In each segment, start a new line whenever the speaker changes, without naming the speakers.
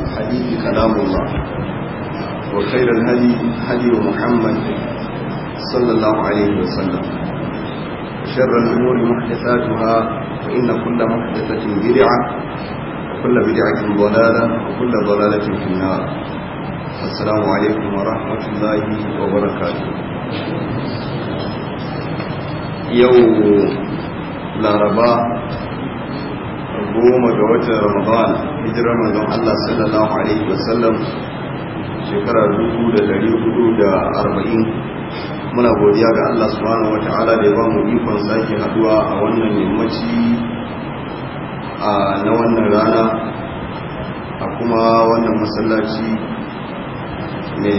الحديث كلام الله وخير الهدي هدي محمد
صلى الله عليه وسلم شر الأمور محدثاتها فإن كل محدثة بدعة وكل بدعة ضلالة وكل ضلالة في النار السلام عليكم ورحمة الله وبركاته يوم لا رباه goma ga watan ramadan hijirar manzon Allah sallallahu alaihi wasallam shekara 1440 muna godiya ga Allah subhanahu wataala da ya ba mu ikon sake haduwa a wannan yammaci na wannan rana a kuma wannan masallaci ne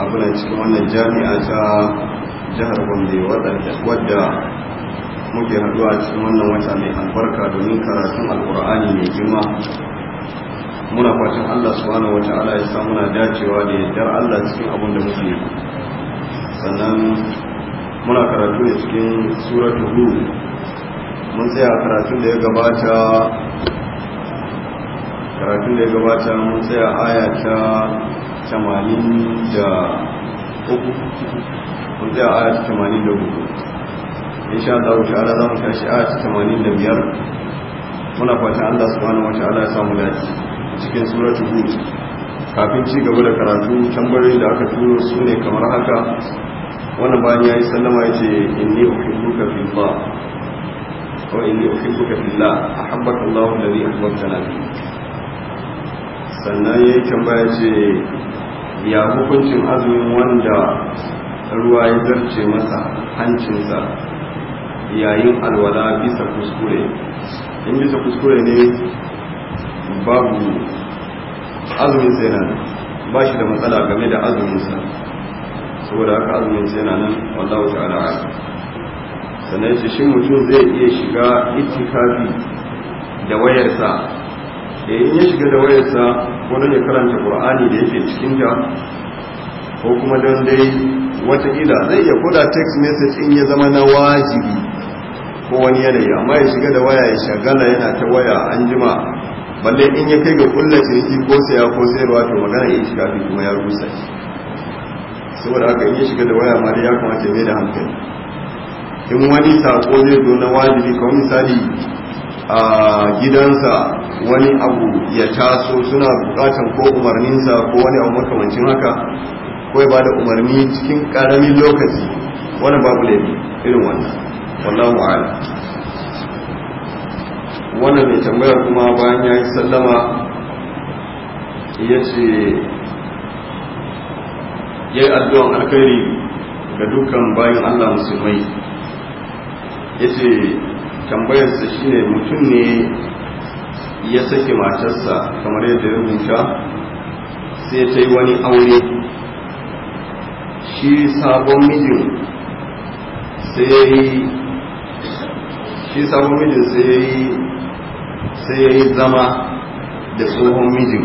abunan cikin wannan jami'a ta jihar gombe wadda muke haduwa a cikin wannan wata mai albarka domin karatun alkur'ani mai girma muna fatan Allah subhanahu wata'ala ya sa muna dacewa da yardar Allah cikin abin da muke sannan muna karatu ne cikin suratul hu mun tsaya karatun da ya gabata karatun da ya gabata mun tsaya aya ta 83 mun tsaya aya ta insha Allah ta'ala za mu tashi a cikin da biyar muna fata Allah subhanahu wata'ala ya samu dace cikin suratul hud kafin ci gaba da karatu tambayoyin da aka turo su ne kamar haka wannan bayan ya yi sallama ya ce inni uhibbuka fillah wa inni uhibbuka Allah ahabbaka Allah alladhi ahbabtana fi sannan ya yi tambaya ce ya hukuncin azumin wanda ruwa ya zarce masa hancinsa yayin alwala bisa kuskure in bisa kuskure ne babu azumin sai nan ba shi da matsala game da azuminsa saboda haka azumin sai nan wallahu ta'ala sannan shi shi mutum zai iya shiga itikafi da wayarsa da eh, in ya shiga da wayarsa ko don ya karanta qur'ani da yake cikin ta ko kuma don dai wata ila zai iya koda text message in ya zama na wajibi ko wani yanayi amma ya shiga da waya ya shagala yana ta waya an jima balle in ya kai ga kulla ciniki ko saya ko ruwa to magana ya shiga fi kuma ya rusa shi saboda haka in ya shiga da waya ma dai ya kamata mai da hankali in wani sako zai zo na wajibi kamar misali a gidansa wani abu ya taso suna bukatan ko umarninsa ko wani abu makamancin haka ko ya ba da umarni cikin karamin lokaci wani babu laifi irin wannan wallahu a'lam wannan mai tambaya kuma bayan ya yi sallama ya ce ya yi addu'an alkhairi ga dukkan bayan allah musulmai ya ce tambayarsa shine mutum ne ya sake matarsa kamar yadda ya rubuta sai ta yi wani aure shi sabon mijin sai ya yi shi sabon mijin sai ya yi zama da tsohon mijin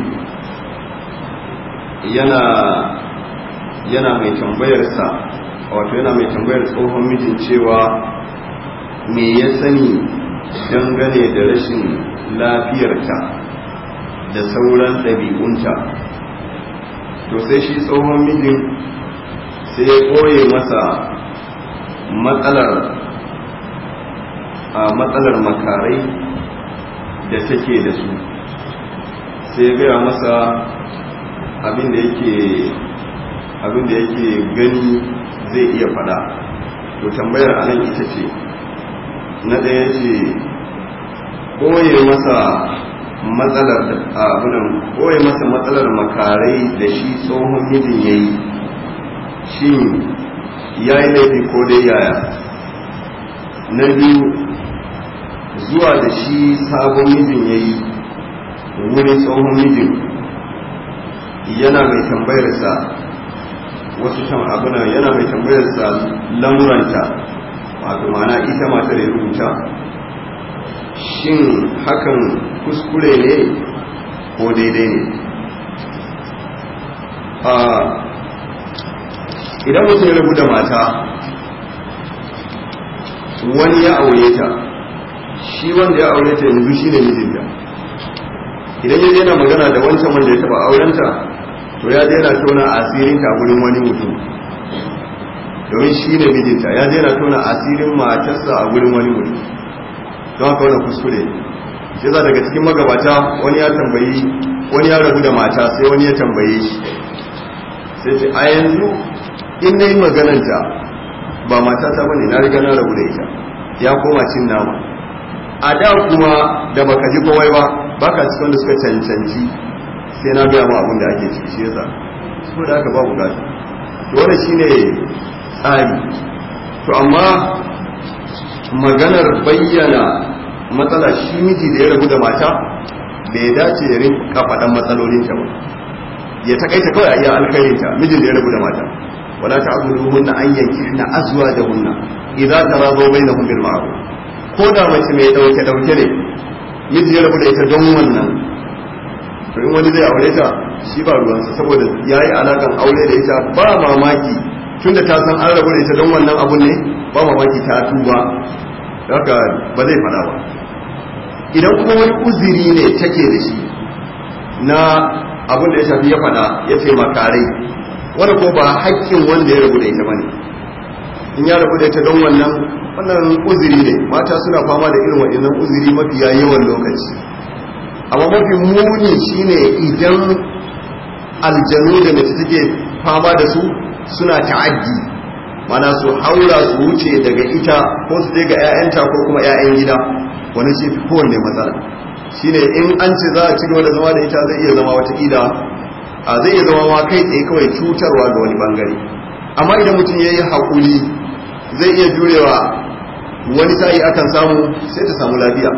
yana mai tambayarsa wato yana mai tambayar tsohon mijin cewa me ya sani dangane da rashin lafiyar ta da sauran ɗabi'unta to sai shi tsohon mijin sai ya ɓoye masa matsalar a matsalar makarai da take da su sai gaya masa abin da yake gani zai iya fada to tambayar anan ita ce na daya ce koye masa matsalar abinan koye masa matsalar makarai da shi tsohon mijin ya yi shi ya yi laifi ko dai yaya na biyu zuwa da shi sabon mijin ya yi wurin tsohon mijin yana mai tambayarsa wasu abuna yana mai tambayarsa lamuranta wato mana ita mata da ya rubuta shin hakan kuskure ne ko daidai ne idan mutum ya rubuta mata wani ya aure ta shi wanda ya aure ta yanzu shi ne mijinta idan ya yana magana da wancan wanda ya taba aurenta to ya daina tona asirin ta gurin wani mutum domin shi ne mijinta ya daina tona asirin matarsa a gurin wani mutum don haka wani kuskure shi za daga cikin magabata wani ya tambayi wani ya rabu da mata sai wani ya tambaye shi sai ce a yanzu in na yi magananta ba mata ta bane na riga na rabu da ita ya koma cin nama a da kuma da baka ji kowai ba baka ci wanda suka cancanci sai na gaya ma abin da ake ciki shi yasa da aka babu gashi to wannan shine tsari to amma maganar bayyana matsala shi miji da ya rabu da mata bai dace ya rinka matsalolin ta ba ya takaita kawai a iya ta mijin da ya rabu da mata wala hunna an yankihna azwajahunna idza tarabu bainahum bil ma'ruf ko da mace mai dauke dauke ne miji ya rabu da ita don wannan to wani zai aure ta shi ba ruwansa saboda ya yi alakan aure da ita ba mamaki tun da ta san an rabu da ita don wannan abun ne ba mamaki ta tuba haka ba zai fada ba idan kuma wani uzuri ne take da shi na abin da ya shafi ya fada ya ce makarai wanda ko ba hakkin wanda ya rabu da ita ne in ya rabu da ita don wannan wannan uzuri ne mata suna fama da irin waɗannan uzuri mafiya yawan lokaci amma mafi muni shine idan aljanu da mace take fama da su suna ta'addi mana su haura su wuce daga ita ko su je ga 'ya'yanta ko kuma 'ya'yan gida wani shi fi kowanne matsala shine in an ce za a ci gaba da zama da ita zai iya zama wata ida a zai iya zama ma kai tsaye kawai cutarwa ga wani bangare amma idan mutum ya yi haƙuri zai iya jurewa wani sa'i akan samu sai ta samu lafiya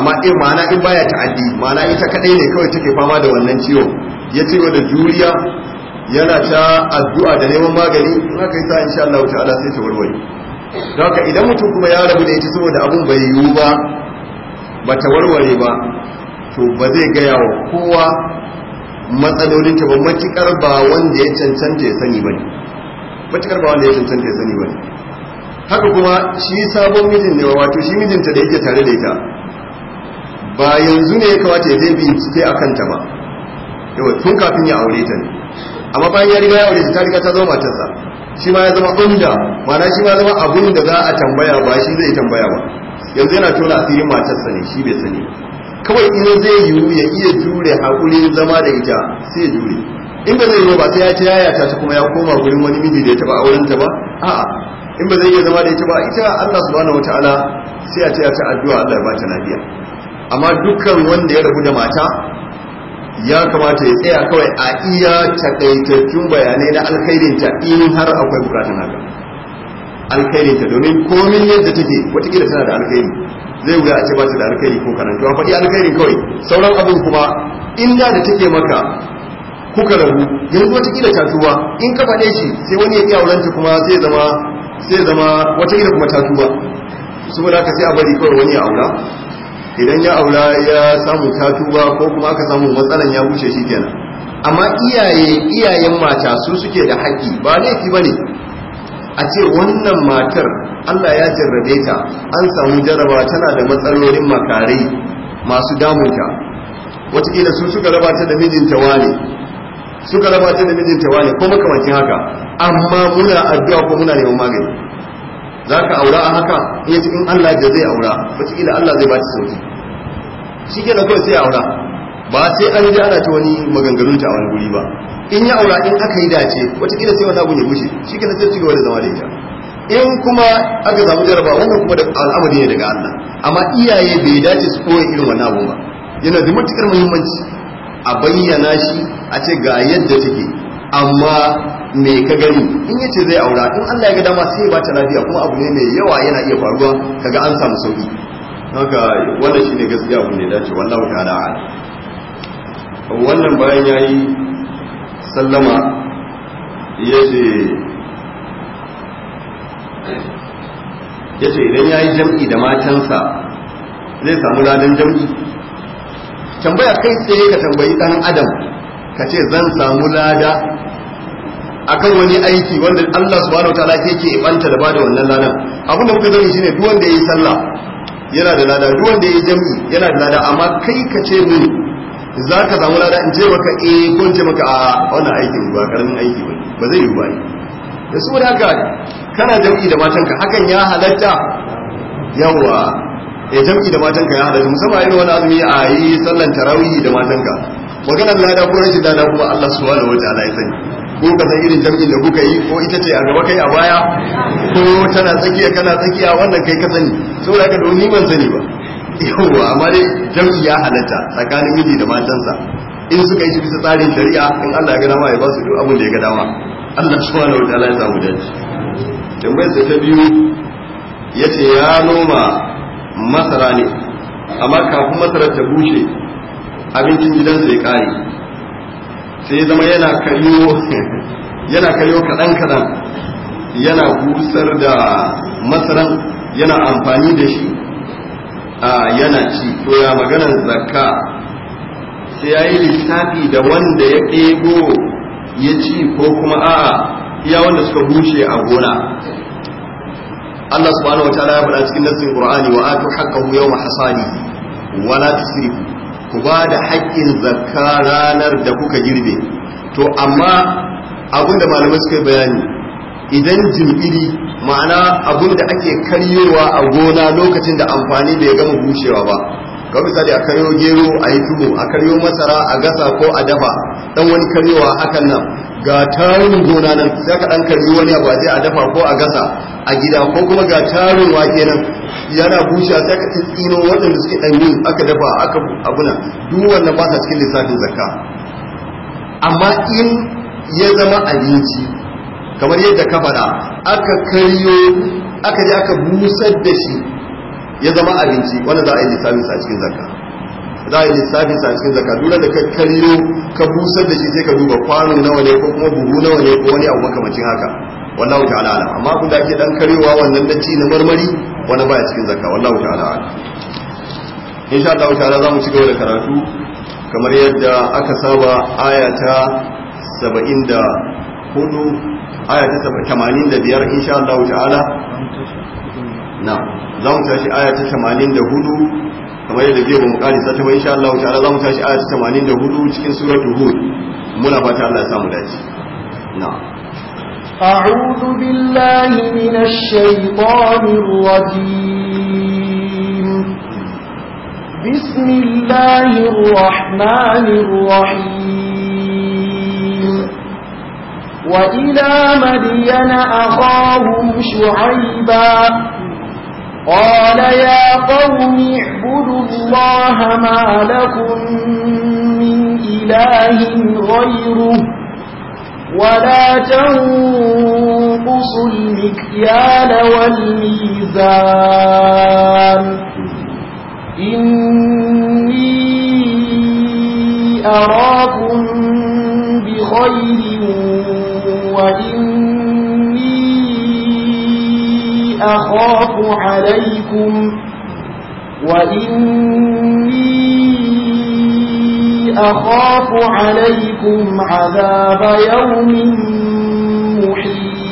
amma in ma'ana in baya ta'addi ma'ana ita kadai ne kawai take fama da wannan ciwo ya wa da juriya yana ta addu'a da neman magani in aka yi sa insha Allah ta'ala sai ta warware don haka idan mutum kuma ya rabu da ita saboda abun bai yiwu ba ba ta warware ba to ba zai gaya wa kowa matsalolin ta ba matukar ba wanda ya cancanta ya sani ba ne matukar ba wanda ya cancanta ya sani bane haka kuma shi sabon mijin ne wato shi mijinta da yake tare da ita ba yanzu ne ya kawata ya je bincike a kanta ba yawa tun kafin ya aure ta ne amma bayan ya riga ya aure ta riga ta zama matarsa shi ma ya zama umda mana shi ma ya zama abin da za a tambaya ba shi zai tambaya ba yanzu yana tona asirin matarsa ne shi bai sani kawai in zai yiwu ya iya jure haƙuri zama da ita sai ya jure in ba zai zo ba sai ya ce yata ta kuma ya koma gurin wani miji da ya taba auren ta ba a'a in ba zai iya zama da ita ba ita Allah subhanahu wataala sai ya ce ya ta addu'a Allah ya ba ta lafiya amma dukkan wanda ya rabu da mata ya kamata ya tsaya kawai a iya takaitattun bayanai na ta in har akwai bukatun haka ta domin komin yadda take watakila tana da alkhairi zai wuya a ce ba ta da alkhairi ko A faɗi alkhairin kawai sauran abin kuma inda da take maka kuka rabu yanzu wata kila tatuwa in ka faɗe shi sai wani ya iya aurenta kuma sai zama sai zama wata kila kuma tatuwa saboda ka sai a bari kawai wani ya aura idan ya aura ya samu tatuwa ko kuma aka samu matsalan ya bushe shi kenan amma iyaye iyayen mata su suke da haƙƙi ba laifi bane a ce wannan matar Allah ya jarrabe ta an samu jarraba tana da matsalolin makarai masu damunta kila su suka raba ta da mijinta wane suka raba ta da mijinta wane ko makamancin haka amma muna addu'a ko muna neman magani za ka aura a haka in in Allah ya zai aura wataƙila Allah zai ba ta sauki shi ke kawai sai aura ba sai an ji ana ta wani maganganun ta a wani guri ba in ya aura in aka yi dace wataƙila sai wani abu ya bushe shi ke sai cigaba da zama da ita in kuma aka samu jaraba wannan kuma da al'amari ne daga Allah amma iyaye bai dace su koyi irin wannan abu ba yana da matukar muhimmanci a bayyana shi a ce ga yadda take amma me ka gani in yace zai aura in Allah ya ga dama sai ba ta lafiya kuma abu ne mai yawa yana iya faruwa kaga an samu sauki haka wannan shine gaskiya abin da dace wallahi ta ta'ala wannan bayan yayi sallama yace yace idan yayi jam'i da matansa zai samu ladan jam'i tambaya kai tsaye ka tambayi dan adam ka ce zan samu lada akan wani aiki wanda Allah subhanahu wa ta'ala yake banta da bada wannan ladan abin da muka gani shine duk wanda yayi sallah yana da lada duk wanda yayi jami'i yana da lada amma kai ka ce min za ka samu lada in ce maka eh ko in ce maka a wannan aikin ba karamin aiki ba ba zai yi ba da saboda haka kana jami'i da matanka hakan ya halatta yawa ya eh, jam'i da matanka ya halatta musamman irin wani azumi a yi sallan tarawihi da matanka da lada ko da na kuma Allah subhanahu wa ta'ala ya sani ko ka san irin jam'in da kuka yi ko ita ce a gaba kai a baya ko tana tsakiya kana tsakiya wannan kai ka sani saboda ka domin ban sani ba yawwa amma dai jam'i ya halatta tsakanin miji da matansa in suka yi shi bisa tsarin shari'a in Allah ya ga dama ya ba su duk abin da ya ga dama Allah subhanahu wa ta'ala ya samu dace tambayar ta biyu yace ya noma masara ne amma kafin masarar ta bushe abincin gidan ya kare sai ya zama yana karyo yana kariyo kaɗan kadan yana busar da masaran yana amfani da shi a yana ci to ya maganar zakka sai ya yi lissafi da wanda ya ɗebo ya ci ko kuma a'a iya wanda suka bushe a gona Allah subhanahu wataala ya faɗa cikin nassin Qur'ani wa atu haqqahu yawma hasani wa la tusrifu ku ba da haƙƙin zakka ranar da kuka girbe to amma abin da malamai suka bayani idan jim'iri ma'ana abin da ake karyewa a gona lokacin da amfani bai gama bushewa ba ga misali a karyo gero a yi a karyo masara a gasa ko a dafa dan wani karyowa hakan nan ga tarin gona nan sai ka dan karyo wani abu a a dafa ko a gasa a gida ko kuma ga tarin wake nan yana bushe sai ka tsino da suke dan yi aka dafa aka abuna duk wannan ba sa cikin lissafin zakka amma in ya zama abinci kamar yadda ka faɗa aka karyo aka je aka busar da shi ya zama abinci wanda za a yi lissafi sa cikin zakka za a yi lissafi sa cikin zakka dole da ka kallo ka busar da shi sai ka duba kwano nawa ne ko kuma buhu nawa ne ko wani abu makamacin haka wallahu ta'ala alam amma kun da ake dan karewa wannan na ci na marmari wani baya cikin zakka wallahu ta'ala alam insha Allah ta'ala za mu ci gaba da karatu kamar yadda aka saba ayata saba'in da hudu aya ta tamanin da biyar insha Allah ta'ala na za mu tashi aya ta 84 kamar yadda jiya ba mu karisa ta ba insha Allah ta'ala za mu tashi aya ta 84 cikin suratul hud muna fata Allah ya samu dace na
أعوذ
بالله من الشيطان الرجيم بسم الله الرحمن الرحيم وإلى مدين أخاهم شعيباً قال يا قوم
اعبدوا
الله ما لكم من إله غيره ولا تنقصوا المكيال والميزان إني أراكم بخير وإن أخاف عليكم وإني أخاف عليكم عذاب يوم محيط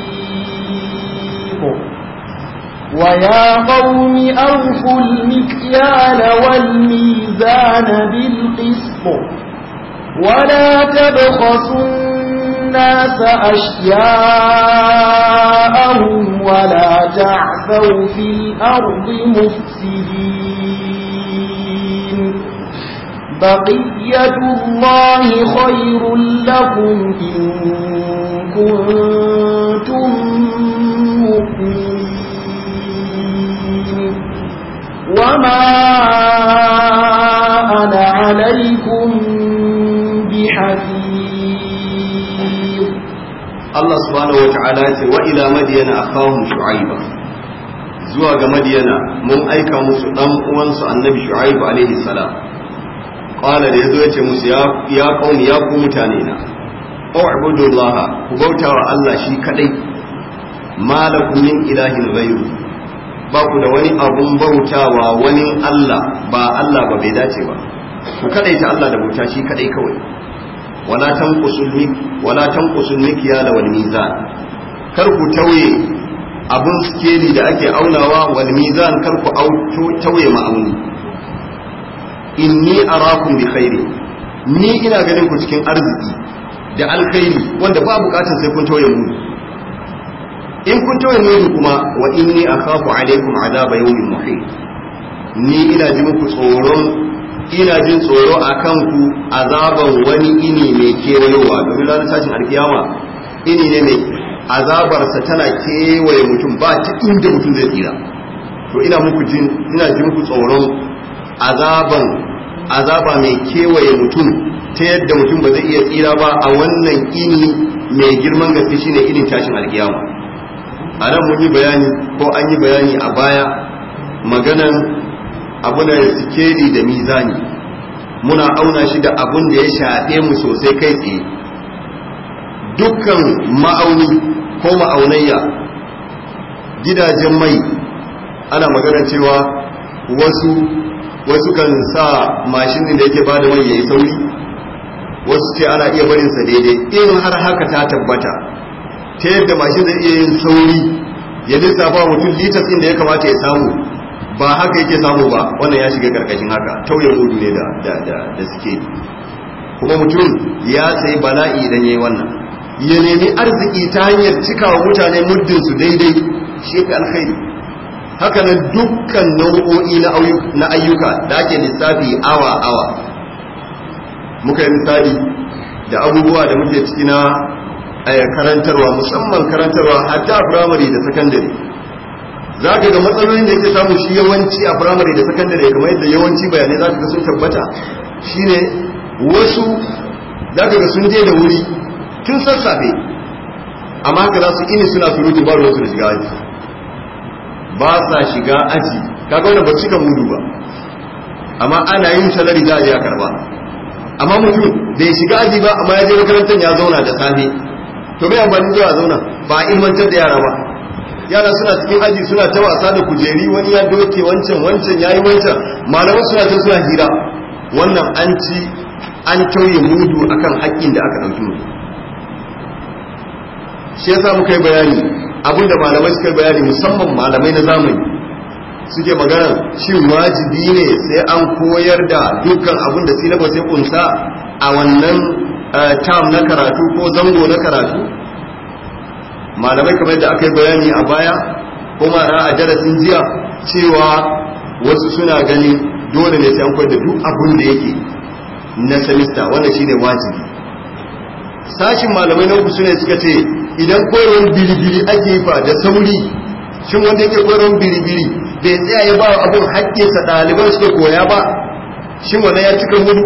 ويا قوم أوفوا المكيال والميزان بالقسط ولا تبخسوا الناس أشياءهم ولا تعثوا في الأرض مفسدين بقية الله خير لكم إن كنتم مؤمنين
وما
subhanahu wata'ala ya ce wa ila madiyana akahum shu'aiba zuwa ga madiyana mun aika musu dan uwansu annabi shu'aib alaihi salam qala da yazo yace musu ya ya qaumi ya ku mutane na u'budullaha ku bautawa Allah shi kadai malakum min ilahin ghayr ba ku da wani abun bautawa wani Allah ba Allah ba bai dace ba ku ta Allah da bauta shi kadai kawai wala tanqusul mik wala tanqusul mikyala wal mizan kar ku tauye abun skeli da ake aunawa wal mizan kar ku tauye ma'auni inni arakum bi khairi ni ina ganin ku cikin arziki da alkhairi wanda ba bukatun sai kun tauye mu in kun tauye mu kuma wa inni akhafu alaikum adaba yawmin muhit ni ina ji muku tsoron ina jin tsoro a kanku azaban wani ini mai kewayowa domin ranar tashin alkiyama ini ne mai azabarsa tana kewaye mutum ba ta inda mutum zai tsira to ina muku jin ina jin muku tsoron azaban azaba mai kewaye mutum ta yadda mutum ba zai iya tsira ba a wannan ini mai girman gaske shine irin tashin alkiyama a nan mun yi bayani ko an yi bayani a baya maganan abuna da sikeli da mizani muna auna shi da abun da ya shaɗe mu sosai kai tsaye dukkan ma'auni ko ma'aunayya gidajen mai ana magana cewa wasu wasu kan sa mashin da yake bada mai yayi sauri wasu ce ana iya barin sa daidai in har haka ta tabbata ta yadda mashin zai iya yin sauri ya lissafa mutum litas inda ya kamata ya samu ba haka yake samu ba wannan ya shiga karkashin haka tauye mudu ne da da suke kuma mutum ya sayi bala'i idan yayi wannan ya nemi arziki ta hanyar cika cikawa mutane muddin su daidai shi ka alkhairi haka nan dukkan nau'o'i na ayyuka da ake lissafi awa awa muka yi misali da abubuwa da muke ciki na eh, karantarwa musamman karantarwa hatta firamare da sakandare za ka ga matsalolin da yake samu shi yawanci a firamare da sakandare kamar yadda yawanci bayanai za ka ga sun tabbata shine wasu za ka ga sun je da wuri tun sassafe amma haka za su ini suna surutu ba ruwansu da shiga aji ba sa shiga aji kaga gauna ba kan mudu ba amma ana yin salari za a ya karba amma mutum da ya shiga aji ba amma ya je makarantar ya zauna da safe to bai amfani zuwa zauna ba a ilmantar da yara ba yara suna cikin aji suna ta wasa da kujeri wani ya doke wancan wancan yayi wancan malaman suna ta suna hira wannan an ci an kyauye mudu akan haƙƙin da aka ɗauki mu shi yasa muka yi bayani abin da malamai suka yi bayani musamman malamai na zamani suke magana shin wajibi ne sai an koyar da dukkan abin da silabus sai kunsa a wannan eh, tam na karatu ko zango na karatu malamai kamar da aka yi bayani a baya kuma a darasin jiya cewa wasu suna gani dole ne sai an koyar da duk abin da yake na semester wanda shine wajibi sashin malamai na uku sune suka ce idan koyon biribiri ake yi fa da sauri shin wanda yake koyarwar biribiri bai tsaya ya ba abin haƙƙinsa ɗaliban suke koya ba shin wanda ya cika mudu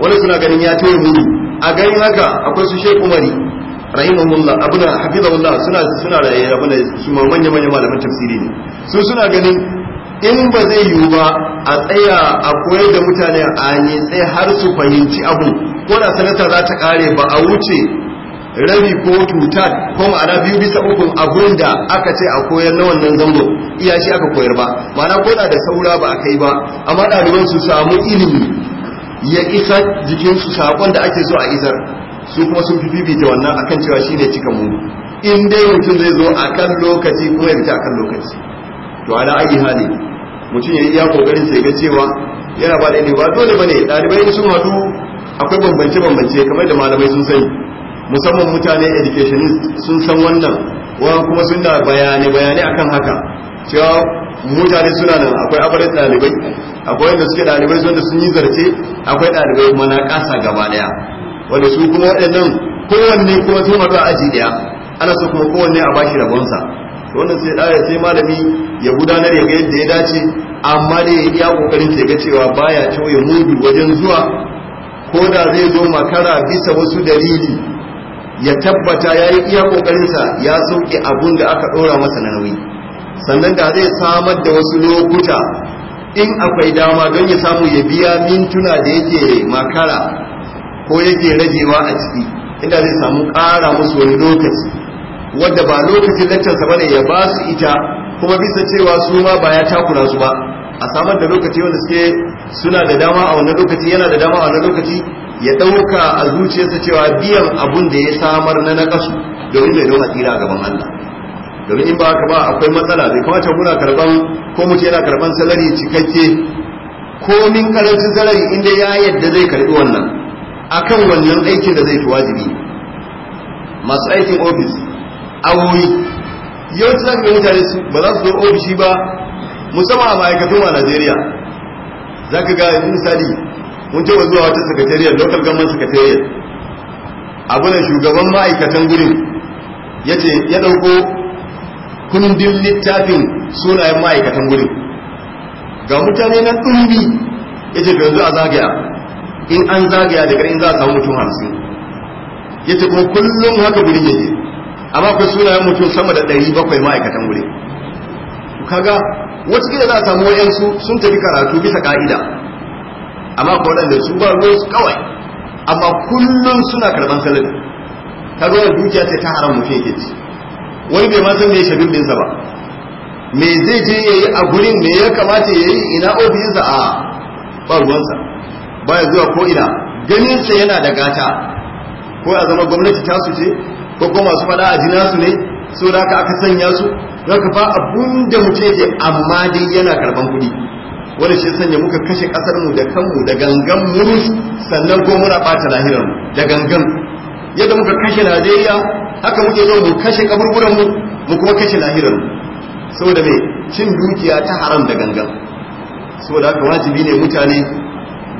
wani suna ganin ya toye mudu a ganin haka akwai su shekku umari rahimahullah abuna hafizahullah suna suna su manya manya malaman tafsiri ne su suna ganin in ba zai yiwu ba a tsaya a koyar da mutane a ne tsaye har su fahimci abu ko da sanata za ta kare ba a wuce rabi ko tuta ko ma'ana biyu bisa uku abun da aka ce a koyar na wannan zango iya shi aka koyar ba ma'ana ko da saura ba a kai ba amma ɗaliban su samu ilimi ya isa jikinsu saƙon da ake so a isar su kuma sun fi bibita wannan akan cewa shi ne cika mu in dai mutum zai zo a kan lokaci kuma ya fita a kan lokaci to ala ayi hali mutum ya yi iya kokarin sai ga cewa yana ba da ba dole bane dalibai sun hadu akwai bambance bambance kamar da malamai sun sani musamman mutane educationist sun san wannan wa kuma sun da bayane bayane akan haka cewa mutane suna nan akwai abarin dalibai akwai wanda suke dalibai wanda sun yi zarce akwai dalibai kuma na kasa gaba daya wanda su kuma waɗannan kowanne kuma su mata aji ɗaya ana so kuma kowanne a bashi rabonsa wannan sai ɗaya sai malami ya gudanar ya ga yadda ya dace amma da ya iya ƙoƙarin ya ga cewa baya ya mudu wajen zuwa ko da zai zo makara bisa wasu dalili ya tabbata ya yi iya kokarinsa ya sauke abun da aka ɗora masa na nauyi sannan da zai samar da wasu lokuta in akwai dama don ya samu ya biya mintuna da yake makara ko yake ragewa a ciki inda zai samu ƙara musu wani lokaci wadda ba lokacin laccarsa bane ya ba su ita kuma bisa cewa su ma ba ya takura su ba a samar da lokaci wanda suke suna da dama a wannan lokaci yana da dama a wannan lokaci ya ɗauka a zuciyarsa cewa biyan abun da ya samar na nakasu domin bai don tsira gaban Allah domin in ba haka ba akwai matsala bai kamata muna karban ko mutum yana karban salari cikakke komin karancin salari inda ya yadda zai karbi wannan akan wannan aikin da zai fi wajibi masu aikin ofis awoyi yawanci za ka ga mutane ba za su zo ofishi ba musamman a ma'aikatun a najeriya za ka ga yanzu misali mun taɓa zuwa wata sakatariyar local government sakatariyar abunan shugaban ma'aikatan gurin ya ce ya ɗauko kundin littafin sunayen ma'aikatan gurin ga mutane na ɗumbi ya ce yanzu a zagaya in an zagaya da garin za a samu mutum hamsin ya ce kuma kullum haka guri yake amma akwai sunayen mutum sama da ɗari bakwai ma'aikatan wuri kaga wata gida za a samu wayansu sun tafi karatu bisa ka'ida amma kuma waɗanda su ba ruwan su kawai amma kullum suna karɓar karɓan ta zo da dukiya ce ta haram mutum yake ci wani bai ma san me shagin binsa ba me zai je ya yi a gurin me ya kamata ya yi ina ofisinsa a ba ruwansa baya zuwa ko ina ganin sa yana da gata ko a zama gwamnati ta su ce ko kuma masu fada a jina su ne so da aka aka sanya su ka fa abun da mutum yake amma dai yana karban kuɗi wani shi sanya muka kashe kasar mu da kanmu da gangan mu sannan ko muna bata lahirar mu da gangan yadda muka kashe Najeriya haka muke zo mu kashe kaburburan mu mu kuma kashe lahirar mu saboda mai, cin dukiya ta haram da gangan saboda haka wajibi ne mutane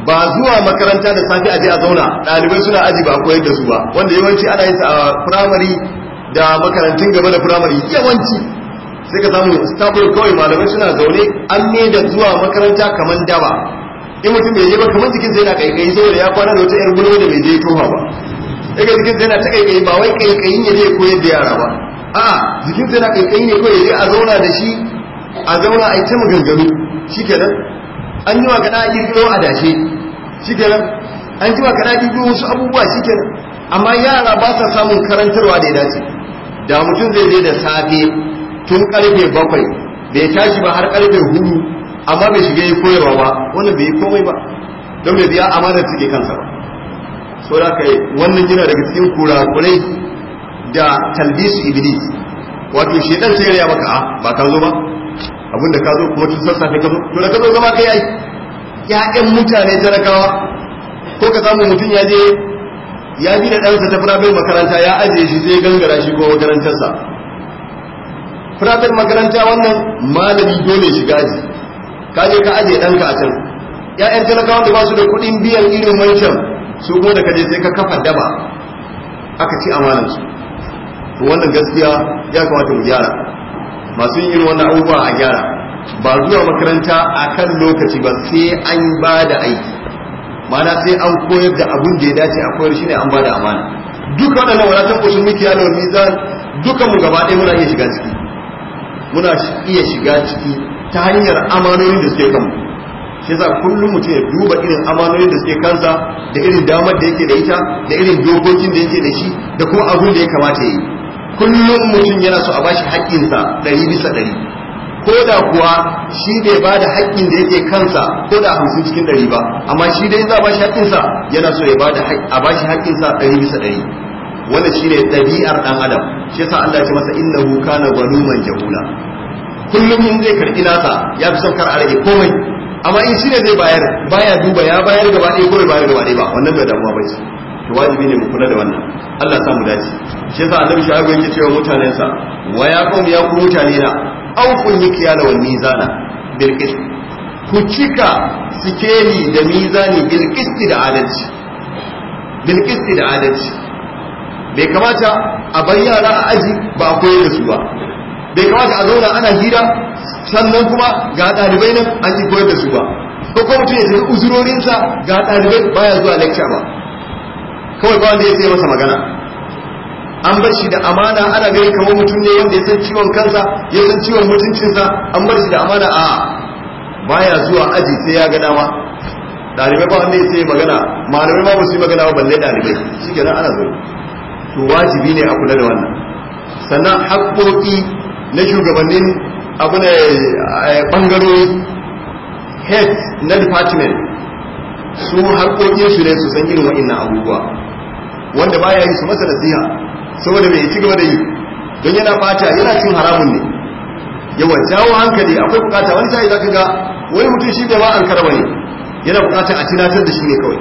ba zuwa makaranta da safi aje a zauna ɗalibai suna aji ba koyar da su ba wanda yawanci ana yin a firamare da makarantun gaba da firamare yawanci sai ka samu stable kawai malamai suna zaune an ne da zuwa makaranta kamar daba in mutum bai je ba kamar jikin sai na kaikayi saboda ya kwana da wata yar gulo da bai je tuha ba daga jikin sai na ta kaikayi ba wai kaikayi ya je koyar da yara ba a jikin sai na kaikayi ne kawai ya je a zauna da shi a zauna a yi ta maganganu kenan an yi wa kana a shi ke nan an ji wa kana kirkiro wasu abubuwa nan amma yara ba sa samun karantarwa da ya dace da mutum zai je da safe tun karfe bakwai bai tashi ba har karfe hudu amma bai shiga yi koyarwa ba wannan bai yi komai ba don bai biya amanar cike kansa ba so da yi wannan gina daga cikin kurakurai da talbisu iblis wato shedan sai ya maka ah, ba kan zo ba abinda ka zo kuma tun sassafe ka zo to da ka zo zama kai ai Ya'yan mutane rakawa ko ka samu mutum ya je ya bi da ɗansa ta firabin makaranta ya ajiye shi zai gangara shi ko makarantarsa firabin makaranta wannan malami dole shiga aji ka je ka ajiye ɗanka a can ƴaƴan talakawa da ba su da kuɗin biyan irin wancan su kuma da ka je sai ka kafa daba aka ci amanansu to wannan gaskiya ya kamata mu gyara masu yin wani abubuwa a gyara ba zuwa makaranta a kan lokaci ba sai an ba da aiki mana sai an koyar da abun da ya dace a koyar shi ne an ba da amana duk waɗannan ta kusur mikiya da mizan duka mu gaba ɗaya muna iya shiga ciki muna iya shiga ciki ta hanyar amanoni da suke kanmu shi yasa kullum mutum ya duba irin amanoni da suke kansa da irin damar da yake da ita da irin dokokin da yake da shi da kuma abun da ya kamata ya yi kullum mutum yana so a bashi haƙƙinsa ɗari bisa ɗari ko da kuwa shi bai ba da haƙƙin da yake kansa ko da hamsin cikin ɗari ba amma shi dai za a bashi haƙƙinsa yana so ya ba da a bashi haƙƙinsa ɗari bisa ɗari wannan shine ɗabi'ar ɗan adam shi yasa Allah ce masa na kana zaluman jahula kullum in zai karɓi nasa ya fi son kar a rage komai amma in shine zai bayar baya duba ya bayar gaba ɗaya ko bai bayar gaba ɗaya ba wannan bai damuwa bai to wajibi ne mu kula da wannan Allah ya samu dace shi yasa annabi shaibu yake cewa mutanen wa ya qum ya ku mutane na aw kun yikiya da mizana zana ku cika sikeli da mizani bil da adalci bil da adalci bai kamata a bar yara a aji ba a koyar da su ba bai kamata a zauna ana hira sannan kuma ga ɗalibai nan an yi koyar da su ba ko kuma mutum ya tafi uzurorinsa ga ɗalibai baya zuwa lecture ba kawai ba wanda ya sai masa magana an bar shi da amana ana gari kamar mutum ne wanda ya san ciwon kansa ya san ciwon mutuncinsa an bar shi da amana a baya zuwa aji sai ya gada ma dalibai ba wanda ya sai magana malamai ma ba su yi magana ba balle dalibai shi ke ana zo to wajibi ne a kula da wannan sannan haƙƙoƙi na shugabannin abu ne bangarori eh, head na department su harkokin su ne su san irin na abubuwa wanda baya yi su masa nasiha saboda mai ci gaba da yi don yana fata yana cin haramun ne yawa jawo hankali akwai bukata wani sai zaka ga wani mutum shi bai ba an ne yana bukata a tunatar da shi ne kawai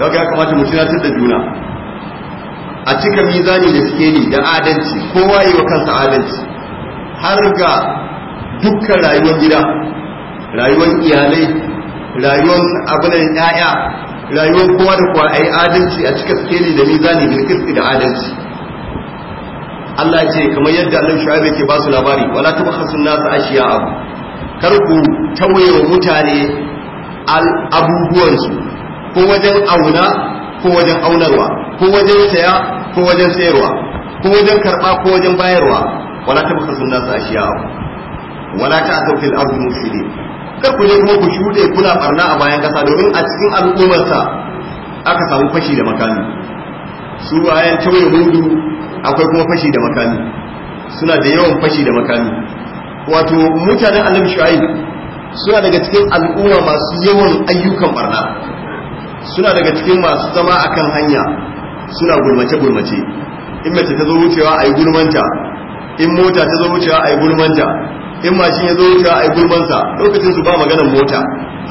daga ya kamata mu tunatar da juna a cika ne da ne da adalci kowa yi wa kansa adalci har ga dukkan rayuwar gida rayuwar iyalai rayuwar abinan 'ya'ya rayuwar kowa da kowa ayi adalci a cikin kene da mizani bil qisti da adalci Allah ce kamar yadda Allah Shu'aib yake ba su labari wala tabkhasun nas ashiya'a kar ku tauye wa mutane abubuwansu ko wajen auna ko wajen aunarwa ko wajen saya ko wajen sayarwa ko wajen karba ko wajen bayarwa wala tabkhasun nas ashiya'a wala ta'thu fil ardi mufsidin kar ku je kuma ku shuɗe kuna barna a bayan kasa domin a cikin al'ummarsa aka samu fashi da makami su bayan tauye hudu akwai kuma fashi da makami suna da yawan fashi da makami wato mutanen annabi shu'aib suna daga cikin al'umma masu yawan ayyukan barna suna daga cikin masu zama akan hanya suna gulmace gulmace in mace ta zo wucewa a yi gulmanta in mota ta zo wucewa a yi gulmanta in mashin ya zo wucewa a yi gulmansa lokacin su ba maganar mota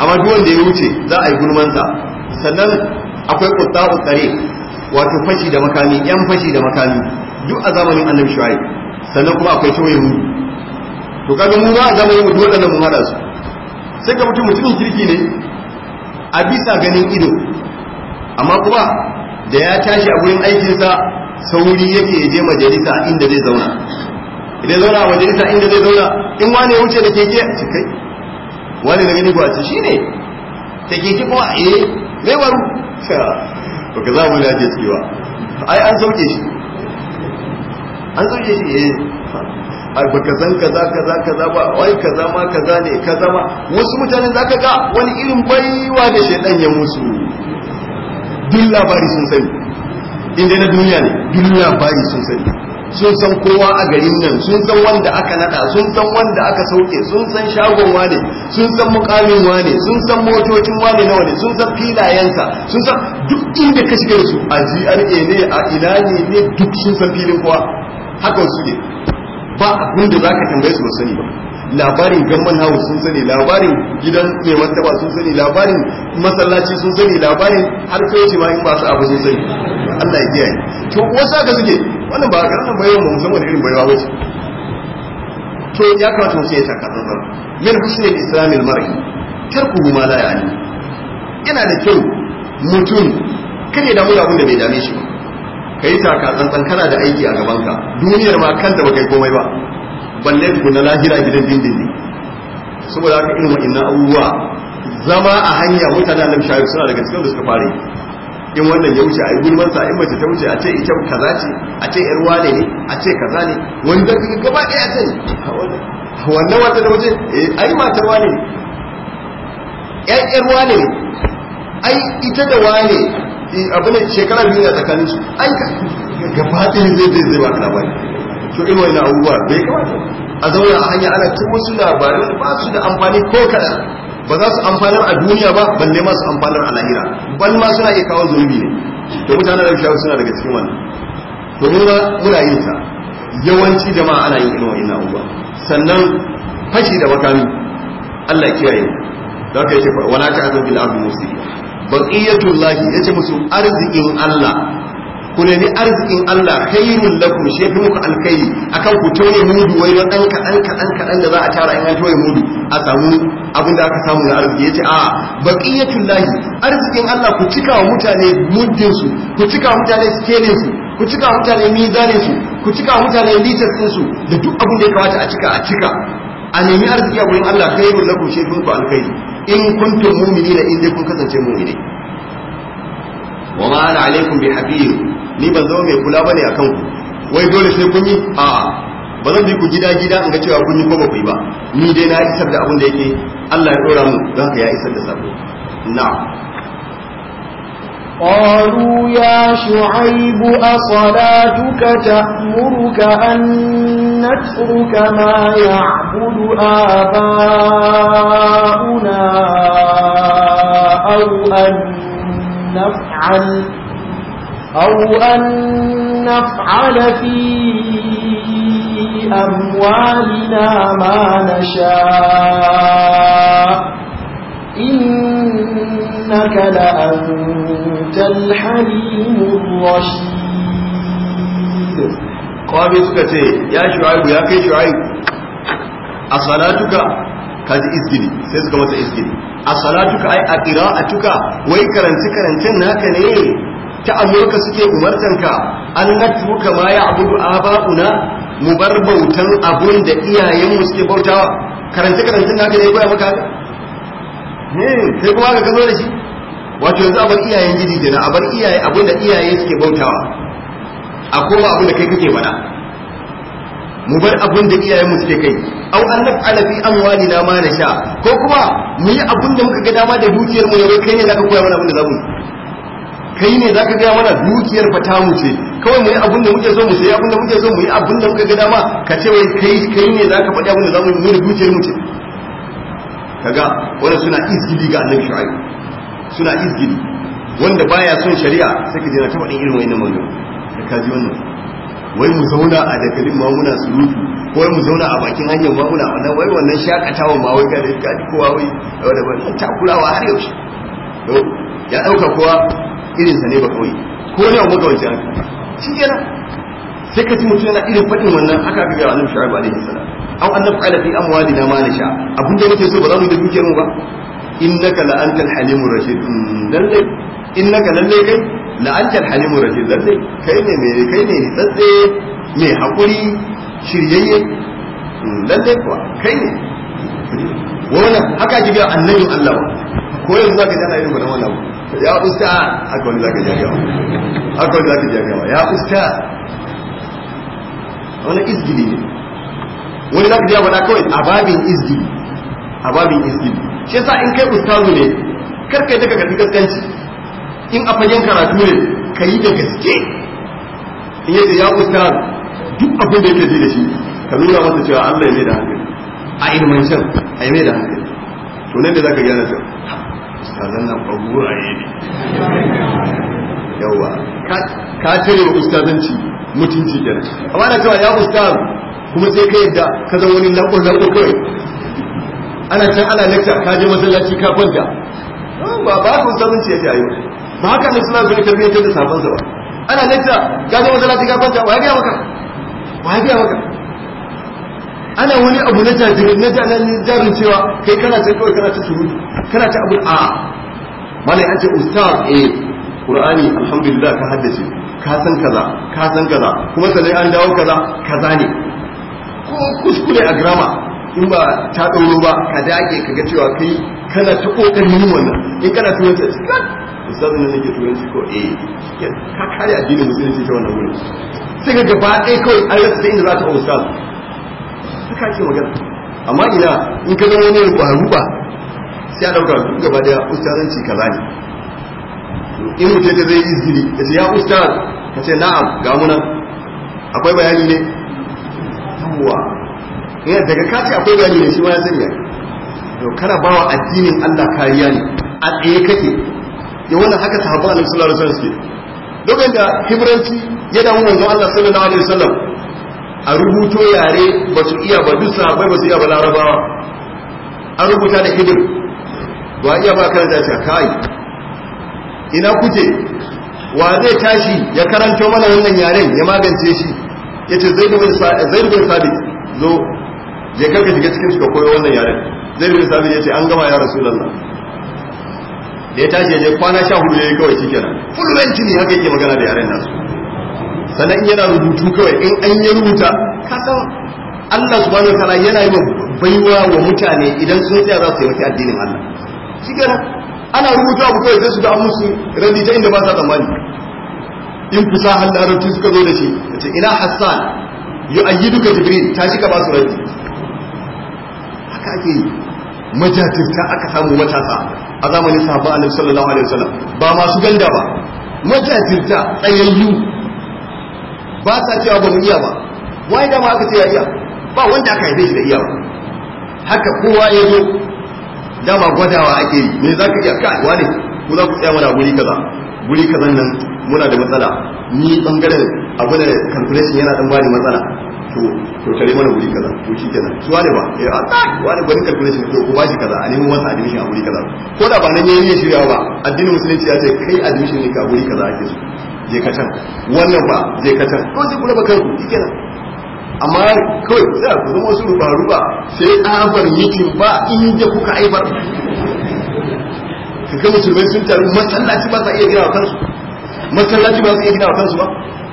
amma duk wanda ya wuce za a yi gulmansa sannan akwai kutta'u tsare wato fashi da makami yan fashi da makami duk a zamanin annabi shuwai sannan kuma akwai tauye mu to kaga mu ba a zamanin mu duk waɗannan mun hada su sai ka mutum mutumin kirki ne a bisa ganin ido amma kuma da ya tashi a wurin aikinsa sauri yake ya je majalisa inda zai zauna idan zauna a majalisa inda zai zauna in wani ya wuce da keke a cikai wani na gani gwace shi ne da keke kuma a eh, iya mai waru ba za mu ne ke cewa ai an sauke shi an sauke shi eh ai baka san kaza kaza kaza ba wai kaza ma kaza ne kaza ma wasu mutane ka ga wani irin baiwa da shaidan ya musu duk labari sun sani inda na duniya ne duk labari sun sani sun san kowa a garin nan sun san wanda aka nada sun san wanda aka sauke sun san shagon wane sun san mukamin wane sun san motocin wane na wane sun san filayensa sun san duk inda ka shiga su a GRA ne a ina ne ne duk sun san filin kowa hakan su ne ba abin da zaka tambaye su sani ba labarin gamman house sun sani labarin gidan mai martaba sun sani labarin masallaci sun sani labarin har kai ma in ba su abu sun sani Allah ya kiyaye to wasa aka suke wannan ba karamin bayo mu zama da irin bayawa wasu to ya kamata mutum ya taka tsantsan min husnul islamil mar'i tarkuhu ma la ya'ni yana da kyau mutum kada ya damu da da bai dame shi ba kai taka tsantsan kana da aiki a gaban ka. duniyar ma kanta ba kai komai ba balle na lahira gidan ne. saboda haka irin wa'annan abubuwa zama a hanya mutane annabi shayar suna daga cikin da suka fara in wannan ya wuce a yi gulman sa in mace ta wuce a ce ita kaza ce a ce yar wane ne a ce kaza ne wani da gaba ɗaya ta ne wannan wata da wuce eh, ai matar wane ne yar yar wane ne ai ita da wane eh, abu ne shekara biyu da tsakanin su ai gaba ɗaya zai zai zai ba ka labari to ina wani abubuwa bai kamata a zauna a hanya ana tun wasu labarai ba su da amfani ko kaɗan ba za su amfanar a duniya ba balle ma su amfanar a lahira bal ma suna iya kawo zunubi ne to mutanen da shawo suna daga cikin wannan to muna muna yin ta yawanci jama'a ana yin irin wa'annan abubuwa sannan fashi da makami Allah ya kiyaye da kai ce wala ta'dhu bil ardi muslimin baqiyatullahi yace musu arzikin Allah ku nemi arzikin Allah khairun lakum shi fi muku alkhairi akan ku toye mudu wai na dan kadan kadan kadan da za a tara in an toye mudu a samu abin da aka samu na arziki yace a baqiyatul lahi arzikin Allah ku cika wa mutane muddin su ku cika wa mutane skelin su ku cika wa mutane mizanin su ku cika wa mutane litas din su da duk abin da ya kamata a cika a cika a nemi arziki a wurin Allah khairun lakum shi fi muku alkhairi in kuntum mu'minina in dai kun kasance mu'mini وما أنا عليكم بحفيظ ni ban zama mai kula bane akan ku wai dole sai kun yi a'a ba zan bi ku gida gida in ga cewa kun yi ko ba ku yi ba ni dai na isar da abin da yake Allah ya dora mu don haka ya isar da
sako na'am قالوا يا شعيب أصلاتك تأمرك أن نترك ما يعبد آباؤنا أو أن نفعل أو أن نفعل في أموالنا ما نشاء إنك لأنت الحليم
الرشيد
قابل سكتي يا شعيب يا كي شعيب أصلاتك kaji izgini sai suka masa izgini a salatuka ai a qira'atuka wai karanci karancin naka ne ta amurka suke umartanka an natruka ma ya abudu aba'una mu bar bautan abun da iyayenmu suke bautawa karanta karantun na gane ya goya maka ne sai kuma ka gano da shi wato yanzu abar iyayen gidi na, abar iyaye abun da iyaye suke bautawa a koma abun da kai kake mana, mu bar abun da iyayenmu suke kai au an naf'ala fi na ma sha, ko kuma mu yi abun da muka ga dama da dukiyar mu yau kai ne zaka koya mana abun da zamu kai ne zaka gaya mana dukiyar fata mu ce kawai mu yi abin da muke so mu sai abin da muke so mu yi abin da muka ga dama ka ce wai kai kai ne zaka faɗi abin da zamu mu da dukiyar mu ce kaga wanda suna izgidi ga annabi shu'aib suna izgidi wanda baya son shari'a sai ka je na ta faɗin irin wannan magana da kaji wannan wai mu zauna a dakalin ma muna surutu ko mu zauna a bakin hanyar ma muna wannan wai wannan shakatawa ma wai ga da kowa wai ba ta kulawa har yaushe ya dauka kowa irin sa ne ba kawai ko ne wa kawai haka shi kenan sai ka ci mutum yana irin faɗin wannan aka ga a annabi shu'aib alaihi salam aw an naf'ala fi amwalina ma nasha Abun da muke so ba za mu yi da dukiyar mu ba innaka la antal halimur rashid mm, lalle innaka lalle kai la antal halimur rashid lalle kai ne mai kai ne tsatse mai hakuri shiryayye mm, lalle kuwa kai ne wannan haka kiga annabin Allah ko yanzu zaka ji ana irin wannan wannan ya usta haka wani zaka jami'a haka wani zaka jami'a ya usta wani izgili ne wani zaka jami'a wani kawai ababin izgili ababin izgili shi yasa in kai ustazu ne karka yi daga karfi kaskanci in a fagen karatu ne ka yi da gaske in yadda ya usta duk abin da yake ji da shi ka nuna masa cewa Allah ya mai da hankali a ilmin shan a yi mai da hankali to nan da zaka gyara shan. ustazan nan ɓagu a yi ne yawa ka cire ustazanci mutunci kenan amma na cewa ya ustaz kuma sai ka yadda ka zama wani lako lako kawai ana can ana lakta ka je masallaci ka kwanta ba ba ka ustazanci ya ce ayo ba haka ne suna zuwa tafiye da safansa ba ana lakta ka je masallaci ka kwanta wa ya gaya maka wa ya gaya maka ana wani abu na jajiri na jajirin cewa kai kana ta kawai kana ta suru kana ta abu a mana an ce ustaz eh qur'ani alhamdulillah ka haddace ka san kaza ka san kaza kuma sannan an dawo kaza kaza ne
ko kuskure a grama
in ba ta dauro ba ka dage ka ga cewa kai kana ta kokarin yin wannan in kana ta islam ustaz ne nake turanci ko eh ka kare addinin musulunci ta wannan wurin sai ga gaba ɗaya kawai an rasa inda za ta ustaz suka ake magana amma ina in ka zama ba haru ba sai a ɗaukar duk gaba da ustazanci kaza ne in mutum ta zai izini. ta ce ya ustaz ka ce na'am ga muna akwai bayani ne yawwa yana daga kace akwai bayani ne shi ma ya sanya to kana bawa addinin Allah kariya ne a tsaye kake ya wannan haka sahabba annabi sallallahu alaihi wasallam suke lokacin da hibranci ya damu manzon Allah sallallahu alaihi wasallam a rubuto yare ba su iya ba duk sahabbai ba su iya ba larabawa an rubuta da hidin ba iya ba karanta ta kai ina kuke wa zai tashi ya karanto mana wannan yaren ya magance shi ya ce zai bin sabi zo ya karka shiga cikin suka koyo wannan yaren zai bin sabi ya ce an gama ya rasulallah da ya tashi ya je kwana sha hudu ya yi kawai shi kenan fulwenci ne haka yake magana da yaren nasu sannan yana rubutu kawai in an yi rubuta kasan Allah subhanahu wataala yana yi baiwa wa mutane idan sun tsaya za su taimaki addinin Allah shi ana rubuta abu kawai sai su ga musu radi ta inda ba sa tsammani in fasahar larabci suka zo da shi ce ina hassan yu'ayyiduka jibril ta shi ka ba su radi haka ake yi majajirta aka samu matasa a zamanin sahabba annabi sallallahu alaihi wasallam ba masu ganda ba majajirta tsayayyu ba sa cewa ba mu iya ba wai da ma aka ce ya iya ba wanda aka haife shi da ba. haka kowa ya zo dama gwadawa ake yi me za ka iya ka? wani ku za ku tsaya mana guri kaza guri kaza nan muna da matsala ni bangaren abu da calculation yana dan bani matsala to to tare mana guri kaza to shi kenan su wani ba eh a wani bari calculation to ko bashi kaza a nemi masa admission a guri kaza ko da ba nan yayin shiryawa ba addinin musulunci ya ce kai admission ne ka guri kaza ake so zai kacan wannan ba je ka can ko sai ku raba kanku shikenan amma kawai sai ku zama wasu ruba ruba sai tsabar mitin ba in je kuka aibar kaga musulmai sun taru masallaci ba sa iya gina wa kansu masallaci ba su iya gina wa kansu ba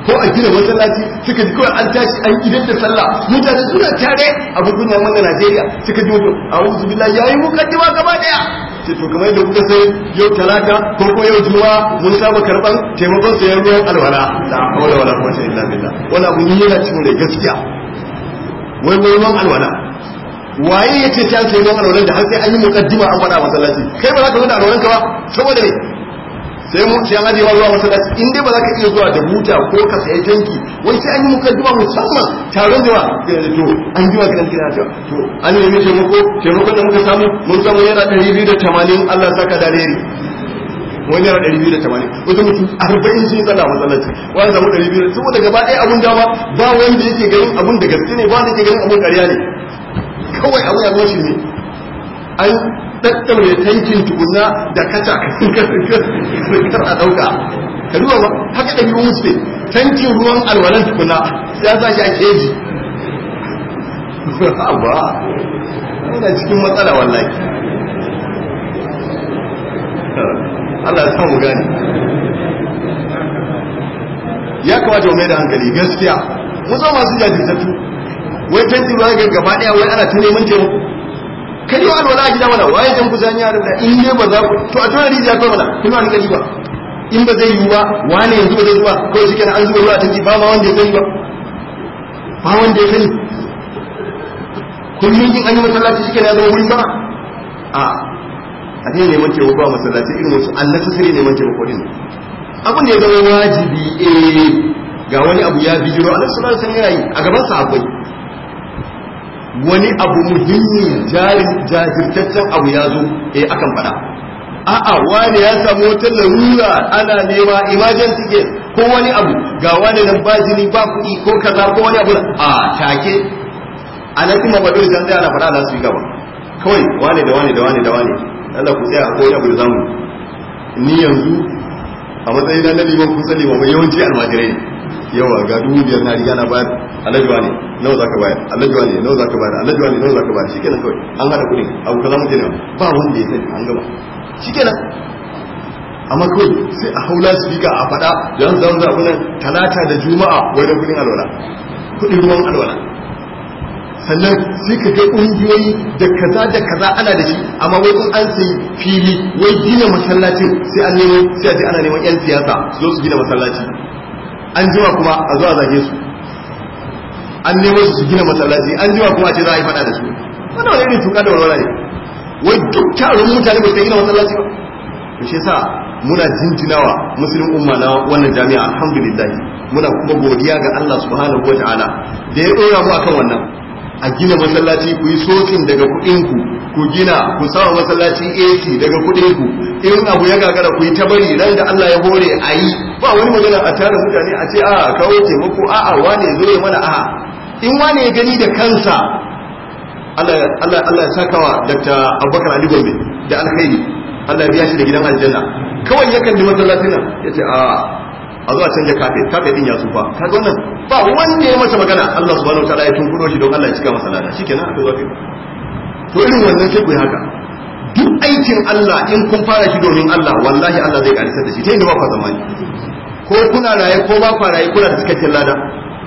ko a gina masallaci suka ji kawai an tashi an gidan da sallah mutane suna tare a bugun nan wannan Najeriya suka ji wato a wuzu billahi yayi mukaddima gaba daya ce to kamar da kuka sai yau talata ko ko yau juma'a mun saba karban taimakon sayan ruwan alwala da hawla wala quwwata illa billah wala mun yana cikin da gaskiya wai mun ruwan alwala waye yace ta sai ruwan alwala da har sai an yi muqaddima an fada masallaci kai ba za ka faɗa alwalan ka ba saboda ne sai mu sai an ajewa zuwa masallaci in inda ba za ka iya zuwa da buta ko ka sai tanki wai sai an yi mukaddima musamman taron da to an yi wa gidan gidan to an yi mai taimako taimakon da muka samu mun samu yana ɗari biyu da tamanin Allah saka da rere wani yana ɗari biyu da tamanin wasu mutum arba'in sun tsalla a masallaci wani samu ɗari biyu da saboda gaba ɗaya abun dama ba wanda yake ganin abun da gaske ne ba wanda yake ganin abun ƙarya ne kawai abun ya zo shi ne an tattaure tankin tukuna da kaca ka kar a dauka ka duba ba haka da yiwu musu tankin ruwan alwalan tukuna ya sa shi a keji ba ina cikin matsala wallahi Allah ya samu gani ya kamata mai da hankali gaskiya mu masu jajirtattu wai tantin ruwa ga gaba daya wai ana ta neman taimako ka yi alwala a gida mana waye dan ku zani yaro in ne ba za ku to a tona rijiya ko mana kun wani gaji ba in ba zai yi ba ne yanzu ba zai zuwa ko shi kenan
an zuba ruwa ta ji ba ma wanda ya sani ba ba wanda ya sani kullum in an yi masallaci shi kenan ya zama wurin ba
a a ne neman taimako ba masallaci irin wasu Allah ta sirri neman ko din abin da ya zama wajibi eh ga wani abu ya bijiro Allah sallallahu alaihi san yayi a gaban akwai. wani abu muhimmi jajirtaccen abu ya zo eh akan faɗa a'a wani ya samu wata larura ana nema emergency case ko wani abu ga wani nan ba jini ba kuɗi ko kaza ko wani abu a take a nan kuma ba dole zan ana fada faɗa za su yi gaba kawai wani da wani da wani da wani Allah ku tsaya ko abu da zamu ni yanzu a matsayin na liman kusa liman mai yawanci almajirai yawa ga dubu biyar na riga na bayar Alajuwa ne nawa zaka bayar Alajuwa ne nawa zaka bayar alhaji wani nawa zaka bayar shikenan kawai an hada kudi abu kaza mutane ba wanda ya sani an gama shikenan amma kawai sai a haula su speaker a faɗa don zan zaɓi nan talata da juma'a wai da kudin alwala kudin ruwan alwala sannan sai ka ga ƙungiyoyi da kaza da kaza ana da shi amma wai kun an sayi fili wai gina masallacin sai an nemo sai a je ana neman yan siyasa su zo su gina masallaci an jima kuma a zuwa a zage su an nemo su su gina masallaci an jima kuma ce za a yi fada da su wannan wani irin tuka da walwala ne wai duk taron mutane ba su gina masallaci ba to shi yasa muna jinjinawa musulun umma na wannan jami'a alhamdulillah muna kuma godiya ga Allah subhanahu Ta'ala da ya dora mu akan wannan a gina masallaci ku yi sokin daga kuɗin ku ku gina ku sawa masallaci AC daga kuɗin ku in abu ya gagara ku yi ta bari ran da Allah ya hore a yi ba wani magana a tare mutane a ce a kawo taimako a a wane zo mana a in wane ya gani da kansa Allah ya sakawa Dr. Abubakar Ali Gombe da alkhairi Allah ya biya shi da gidan aljanna kawai yakan ji masallacin nan ya ce a a zuwa canja kafe kafe din ya tsufa ka ga wannan ba wanda ya masa magana Allah subhanahu wataala ya tunkuro shi don Allah ya cika masa lada shikenan aka zo kai to irin wannan sai ku yi haka duk aikin Allah in kun fara shi domin Allah wallahi Allah zai karisar da shi sai ne ba ku zamani ko kuna raye ko ba ku raye kuna da cikakken lada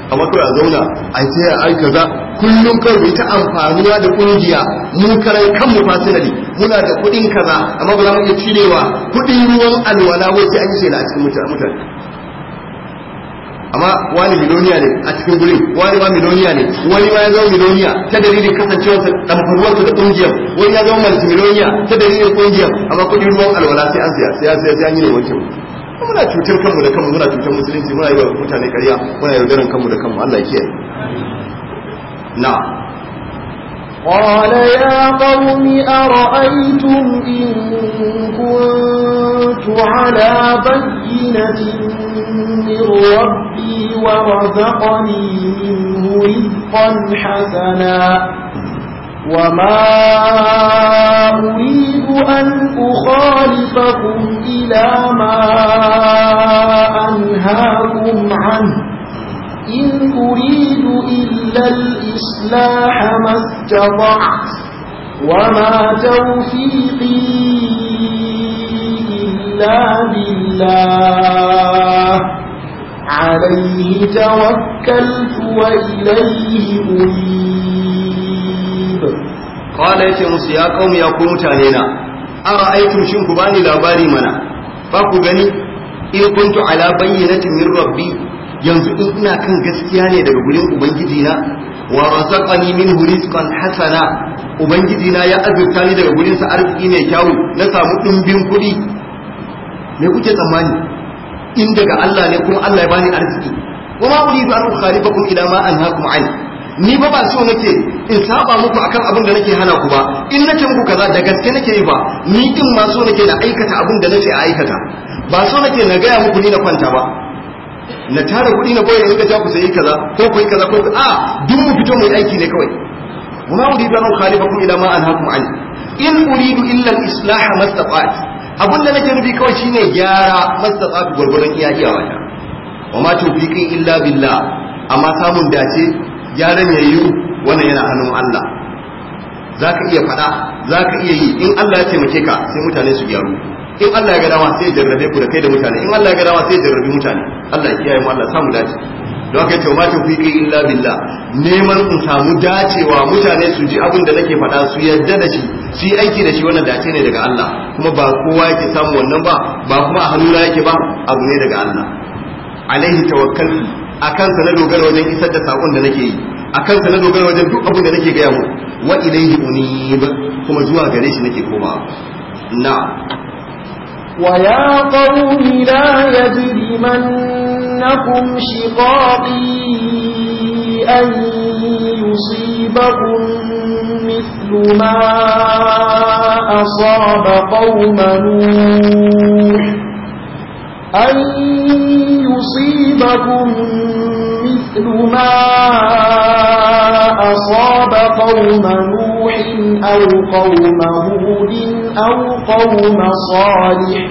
a kawai a zauna a ta yi aika za kullum kawai ta amfanuwa da kungiya mu karai kanmu fasinali muna da kuɗin kaza amma ba za mu iya cirewa kuɗin ruwan alwala wai sai an shela a cikin mutane amma wani miloniya ne a cikin gurin wani ma miloniya ne wani ma ya zama miloniya ta dalilin kasancewarsa su da ƙungiyar wani ya zama multi miloniya ta dalilin ƙungiyar amma kuɗin ruwan alwala sai an siya sai an yi ne wancan muna cutar kanmu da kanmu muna cutar musulunci muna yi wa mutane karya, muna yaudaran kanmu da kanmu Allah ke na
قال يا قوم أرأيتم إن كنت على بينة من ربي ورزقني منه رزقا حسنا وما أريد أن أخالفكم إلى ما أنهاكم عنه إن أريد إلا الإصلاح ما استطعت وما توفيقي إلا بالله عليه توكلت وإليه أريد
ya ce musu ya qaumi ya ku mutane na
ara'aytum shin ku
bani labari mana ba ku gani in kuntu ala bayyinatin min rabbi yanzu in ina kan gaskiya ne daga gurin ubangiji na wa razaqani minhu rizqan hasana ubangiji ya azurta ni daga gurin sa arziki mai kyawu na samu dimbin kuɗi me kuke tsammani in daga Allah ne kuma Allah ya bani arziki Kuma ma uridu an ukhalifakum ila ma anhaakum anhu ni ba ba so nake in saba muku akan abin da nake hana ku ba in nake muku kaza da gaske nake yi ba ni din ma so nake na aikata abin da nake a aikata ba so nake na gaya muku ni na kwanta ba na tara kuɗi na boye in ga ku sai kaza ko ku yi kaza ko a duk mu fito mu yi aiki ne kawai wa uridu an khalifakum ila ma anhaakum an in uridu illa al-islah mastafat abin da nake nufi kawai shine gyara mastafat gurgurun iya iyawa wa ma tawfiqi illa billah amma samun dace gyaran ya yiwu wannan yana hannun Allah za ka iya faɗa za ka iya yi in Allah ya taimake ka sai mutane su gyaru in Allah ya ga dama sai ya jarrabe ku da kai da mutane in Allah ya ga dama sai ya jarrabe mutane Allah ya kiyaye mu Allah samu dace don haka yace ma kai illa billah neman in samu dacewa mutane su ji abin da nake faɗa su yarda da shi su yi aiki da shi wannan dace ne daga Allah kuma ba kowa yake samu wannan ba ba kuma a hannuna yake ba abu ne daga Allah alaihi tawakkaltu a kansa na dogara wajen isar da sakon da nake yi a kansa na dogara wajen duk abin da nake gaya mu wa ilaihi unib kuma zuwa gare shi nake koma na
wa ya qawmi la yajrimannakum shiqaqi an yusibakum misluma a asaba qauman nuh أن يصيبكم مثل ما أصاب قوم نوح أو قوم هود أو قوم صالح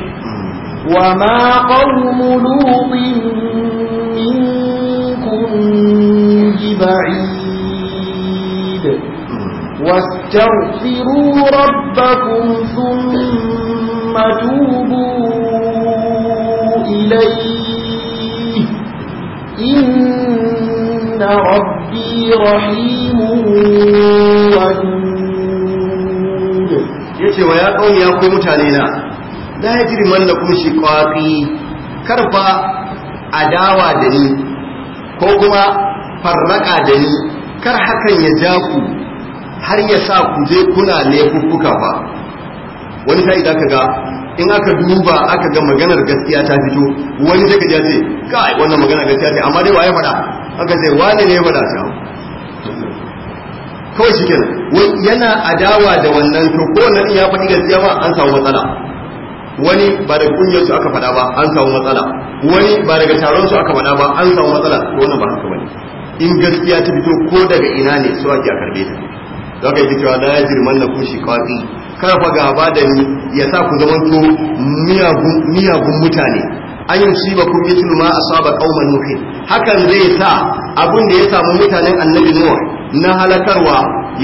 وما قوم لوط منكم ببعيد
واستغفروا
ربكم ثم توبوا إليه إن ربي رحيم
ودود ya kawo ya kai mutane na la yajri man lakum shiqaqi karfa adawa da ni ko kuma farraka da ni kar hakan ya ja ku har ya sa ku je kuna laifuffuka ba wani sai da kaga in aka duba aka ga maganar gaskiya ta fito wani daga ya ce kai wannan maganar gaskiya ce amma dai waye faɗa aka ce wani ne ya faɗa ta kawai shi kenan yana adawa da wannan to ko wannan ya faɗi gaskiya ba an samu matsala wani ba daga kungiyar su aka faɗa ba an samu matsala wani ba daga taron su aka faɗa ba an samu matsala to wannan ba haka bane in gaskiya ta fito ko daga ina ne su ake a karbe ta zaka yi cewa la yajrimannakum shiqaqi karfa gaba da ni ya sa ku zamanto miyagun mutane an yi ba ku mitul ma asaba qauman nuhi hakan zai sa abin da ya samu mutanen annabi nuwa na halakarwa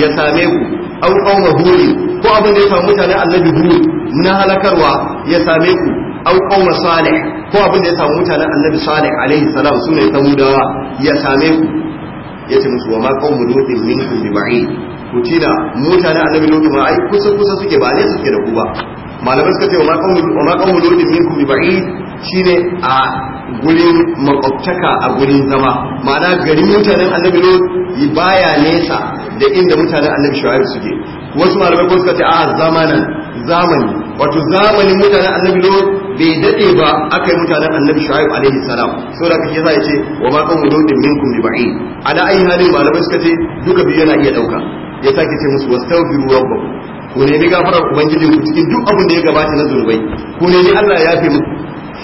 ya same ku au qauma huri ko abin da ya samu mutanen annabi Huri na halakarwa ya same ku au qauma salih ko abin da ya samu mutanen annabi salih alaihi salam sune samudawa ya same ku yace musu wa ma qaumu nuhin min kulli ba'id to tina mutanen annabi lutu ma ai kusa kusa suke ba ne suke da ku ba malamai suka ce wa ma qawmu lutu minkum bi ba'id shine a gurin makwabtaka a gurin zama ma'ana garin mutanen annabi lutu baya nesa da inda mutanen annabi shu'aib suke wasu malamai ko suka ce a zamanan zamani wato zamanin mutanen annabi lutu bai dade ba aka yi mutanen annabi shu'aib alaihi salam so da kake sai ce wa ma qawmu lutu minkum bi ba'id ala ayi hali malamai suka ce duka biyu yana iya dauka ya sake ce musu wastaghfiru rabbakum ku ne ni gafarar ubangijin ku cikin duk abin da ya gabata na zunubai ku ne ni Allah ya fi muku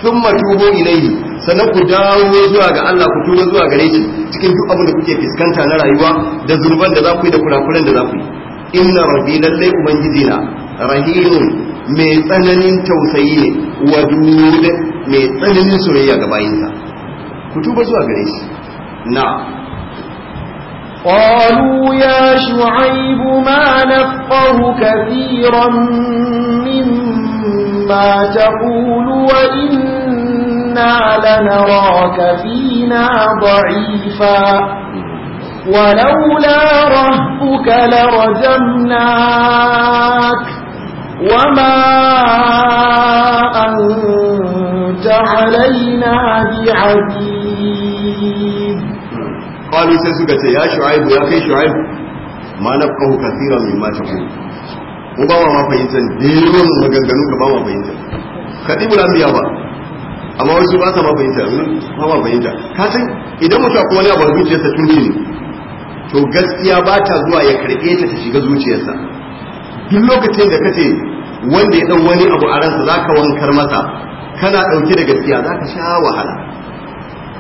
thumma tubu ilayhi sannan ku dawo zuwa ga Allah ku tuba zuwa gare shi cikin duk abin da kuke fuskanta na rayuwa da zunuban da za ku yi da kurakuren da za ku yi inna rabbi lallai ubangijina rahimun mai tsananin tausayi ne wadud mai tsananin soyayya ga bayinsa ku tuba zuwa gare shi na'am
قالوا يا شعيب ما نفقه كثيرا مما تقول وإنا لنراك فينا ضعيفا ولولا رهبك لرجمناك وما أنت علينا بعزيز
qalu sai suka ce ya Shu'aibu ya kai Shu'aibu. ma na nafqahu kathiran mimma taqul mu ba ma fahimtar dalilan maganganun ka ba ma fahimtar kadibul anbiya ba amma wasu ba sa ma fahimta ba ma fahimta ka san idan mutu kuma wani abu zuciyarsa tun ne to gaskiya ba ta zuwa ya karɓe ta ta shiga zuciyarsa duk lokacin da kace wanda ya dan wani abu a ransa ka wankar masa kana ɗauke da gaskiya za ka sha wahala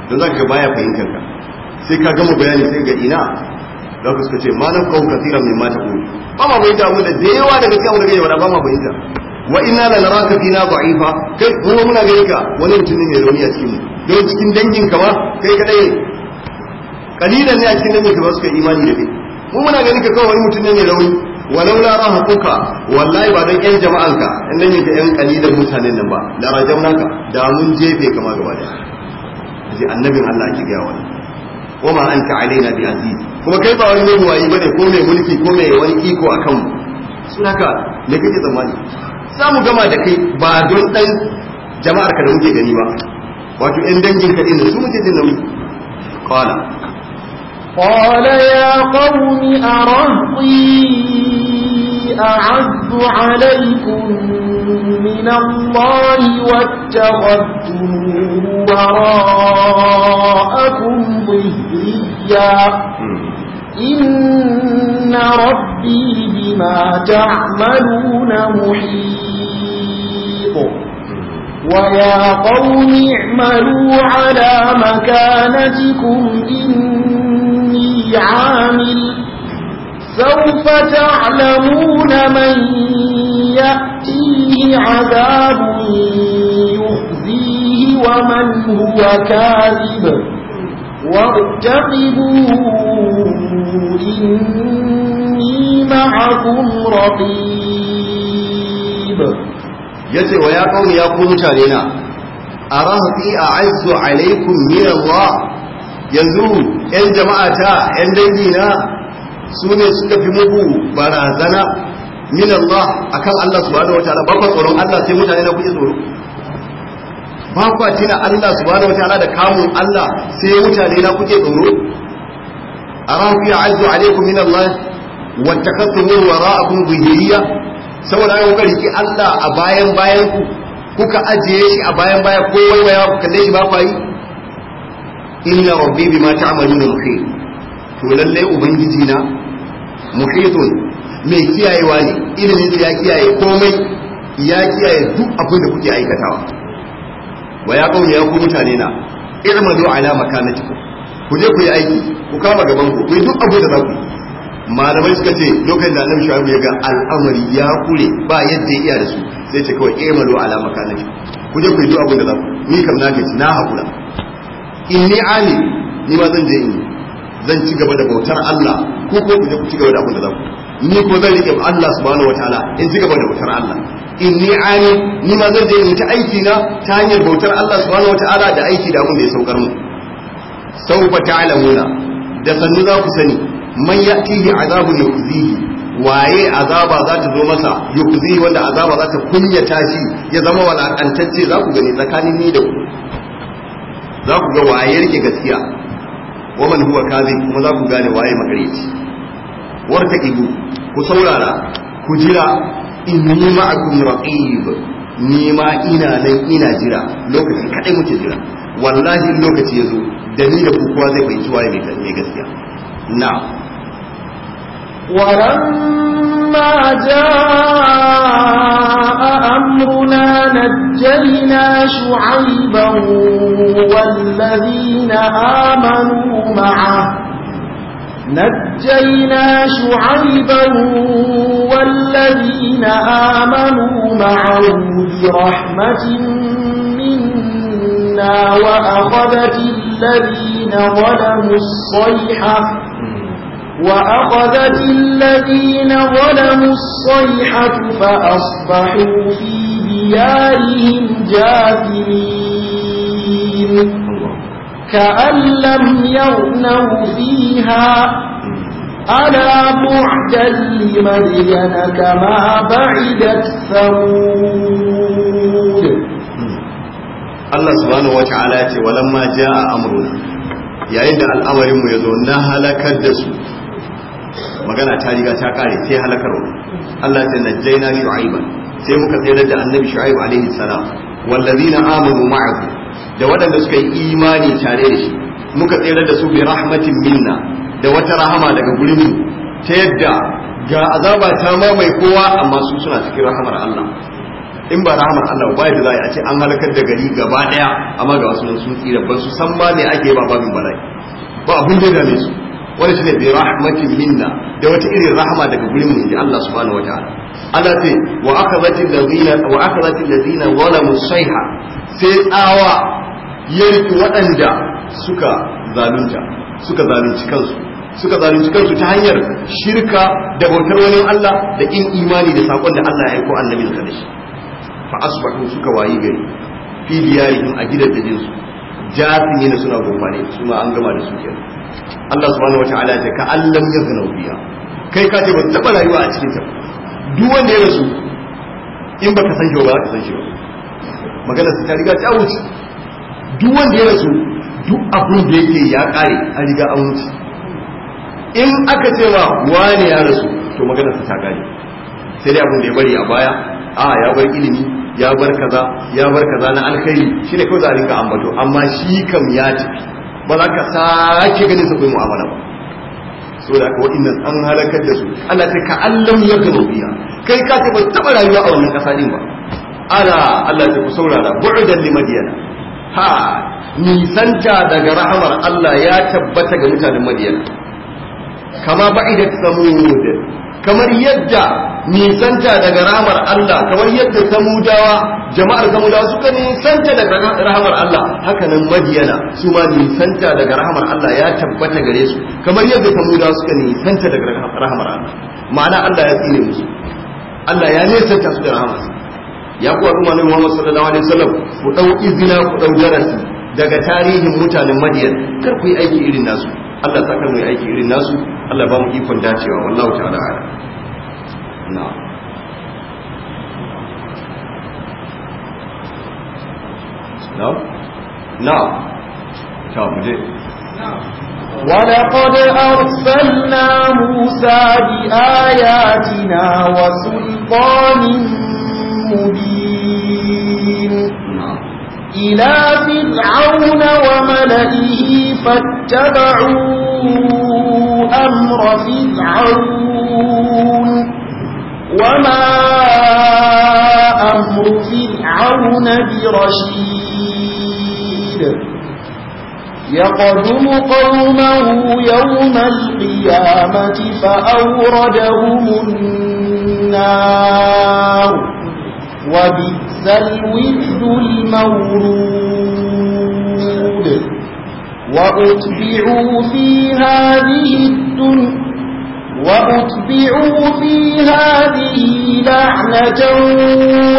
don zaka ga baya fahimtar ka sai ka gama bayani sai ga ina za ku suka ce malam kawo kasiran mai mata ko ba ma bayyanta abu da yawa daga cikin abu da yawa ba ma bayyanta wa inna la naraka fina da'ifa kai mu muna gare ka wani mutum ne mai rauni a cikin don cikin dangin ka ba kai dai kalilan ne a cikin dangin ka ba suka imani da kai mu muna ganin ka kawai wani mutum ne mai rauni walau la rahaquka wallahi ba dan yan jama'an ka yan dangin yake yan kalilan mutanen nan ba la rajamnaka da mun jefe kama gaba da ji annabin Allah ya ga wani wa ma anta alaina bi aziz kuma kai ba wani mai wayi bane ko mai mulki ko mai wani iko akan mu sun haka me kake tsammani samu gama da kai ba don dan jama'ar ka da muke gani ba wato ɗan dangin ka ɗin su muke jin nauyi qala
قال يا قوم أرهطي أعز عليكم من الله واتخذتموه وراءكم ظهريا إن ربي بما تعملون محيط ويا قوم اعملوا على مكانتكم إني عامل سوف تعلمون من يأتيه عذاب يخزيه ومن هو كاذب وارتقبوا إني معكم رقيب
yace wa ya kawo ya ku mutane na a rahati a aizu alaikum min yanzu yan jama'ata yan dangi na su ne suka fi muku barazana min Allah akan Allah subhanahu wataala ba ku tsoron Allah sai mutane na kuke tsoro ba ku tina Allah subhanahu ta'ala da kamun Allah sai mutane na kuke tsoro arafi a'udhu alaikum min Allah wa takaththuru wara'akum dhihriya saboda ai kuka riki Allah a bayan bayan ku kuka ajiye shi a bayan bayan ko waiwaya ku kalle shi ba ku yi inna rabbi bima ta'maluna khair to lalle ubangiji na muhitun mai kiyayewa ne ilimin ya kiyaye komai ya kiyaye duk abin da kuke aikatawa wa ya kauna ya ku mutane na irmanu ala ciko? ku je ku yi aiki ku kama gaban ku ku yi duk abin da za ku yi malamai suka ce lokacin da annabi shawabu ya ga al'amari ya kure ba yadda ya iya da su sai ce kawai eh malo ala makanati ku je ku yi duk abin da za ku ni kam na ce na hakura inni ali ni ma zan je in zan ci gaba da bautar Allah ko ko ku je ku ci gaba da abin da za ku ni ko zan rike Allah subhanahu wataala in ci gaba da wutar Allah In ni ani ni ma zan je in ta aiki na ta hanyar bautar Allah subhanahu wataala da aiki da abin da ya saukar mu sawfa ta'lamuna da sannu za ku sani man azabu ya kuzihi waye azaba za ta zo masa ya kuzihi wanda azaba za ta kunya shi ya zama walaƙantacce, za ku gani tsakanin ni da ku za ku ga waye rike gaskiya man huwa kazi kuma za ku gane waye makareci warta ibu ku saurara ku jira inni ma'akum raqib ni ma ina nan ina jira lokaci kadai muke jira wallahi lokaci yazo da ni da ku kowa zai fahimci waye mai gaskiya na
ولما جاء أمرنا نجينا شعيبا والذين آمنوا معه نجينا شعيبا والذين آمنوا معه برحمة منا وأخذت الذين ظلموا الصيحة وأخذت الذين ظلموا الصيحة فأصبحوا في ديارهم جاثمين كأن لم يغنوا فيها ألا بعدا لمدين كما بعدت ثمود
الله سبحانه وتعالى ولما جاء أمرنا yayin da al'amarinmu ya zo na halakar da magana ta riga ta kare sai halakarwa Allah sai na shu'aiba sai muka tsayar da annabi shu'aib alaihi salam wallazina amanu ma'ahu da waɗanda suka yi imani tare da shi muka tsere da su bi rahmatin minna da wata rahama daga gurin mu ta yadda ga azaba ta mamaye kowa amma su suna cikin rahamar Allah in ba rahamar Allah ba yadda za a ce an halakar da gari gaba daya amma ga wasu sun tsira ba su san ba me ake ba babin bala'i ba abin da dame su wani shine bi rahmatin minna da wata irin rahama daga gurin mu ji Allah subhanahu wataala Allah ce wa akhadhatil ladina wa akhadhatil ladina zalamu sayha sai tsawa ya riƙi waɗanda suka zalunta suka zalunci kansu suka zalunci kansu ta hanyar shirka da bautar wani Allah da in imani da saƙon da Allah ya aiko annabi da kadashi fa asbahu suka wayi gari fi diyarihim a gidan da jinsu jafin na suna gobane su ma an gama da su ke Allah subhanahu wataala ya ka allam ya zana biya kai ka ce ba taɓa rayuwa a cikin ta duk wanda ya rasu in baka san shi ba za ka san shi ba magana ta riga ta wuce duk wanda ya rasu duk abin da yake ya kare a riga an wuce in aka cewa ma ne ya rasu to maganar ta kare sai dai abin da ya bari a baya a ya bar ilimi ya bar kaza ya bar kaza na alkhairi shi ne kawai za a rinka ambato amma shi kam ya tafi ba za ka sake ganin sa mu'amala ba da haka waɗannan an halakar da su Allah ta ka'allam ya gano kai ka taɓa taɓa rayuwa a wannan ƙasa ɗin ba ala Allah ya ku saurara bu'udan li madiyana ha nisanta daga rahamar Allah ya tabbata ga mutanen madiyana kama ba'ida samud kamar yadda nisanta daga rahamar Allah kamar yadda samudawa jama'ar samudawa suka nisanta daga rahamar Allah haka nan madiyana su ma nisanta daga rahamar Allah ya tabbata gare su kamar yadda samudawa suka nisanta daga rahamar Allah ma'ana Allah ya tsine musu Allah ya ta su da rahamar ya kuwa al'umma na Muhammad sallallahu alaihi wasallam ku dau izina ku dau jarasi daga tarihin mutanen Madiyan kar ku yi aiki irin nasu Allah ta kan yi aiki irin nasu Allah ba mu ikon dacewa wallahu ta'ala ala na'am na'am na'am ta mu dai
ولقد أرسلنا موسى بآياتنا وسلطان مبين نعم. إلى فرعون وملئه فاتبعوا أمر فرعون وما أمر فرعون
برشيد
يقدم قومه يوم القيامة فأوردهم النار وبئس الوفد المورود وأتبعوا في هذه الدنيا وأتبعوا في هذه لعنة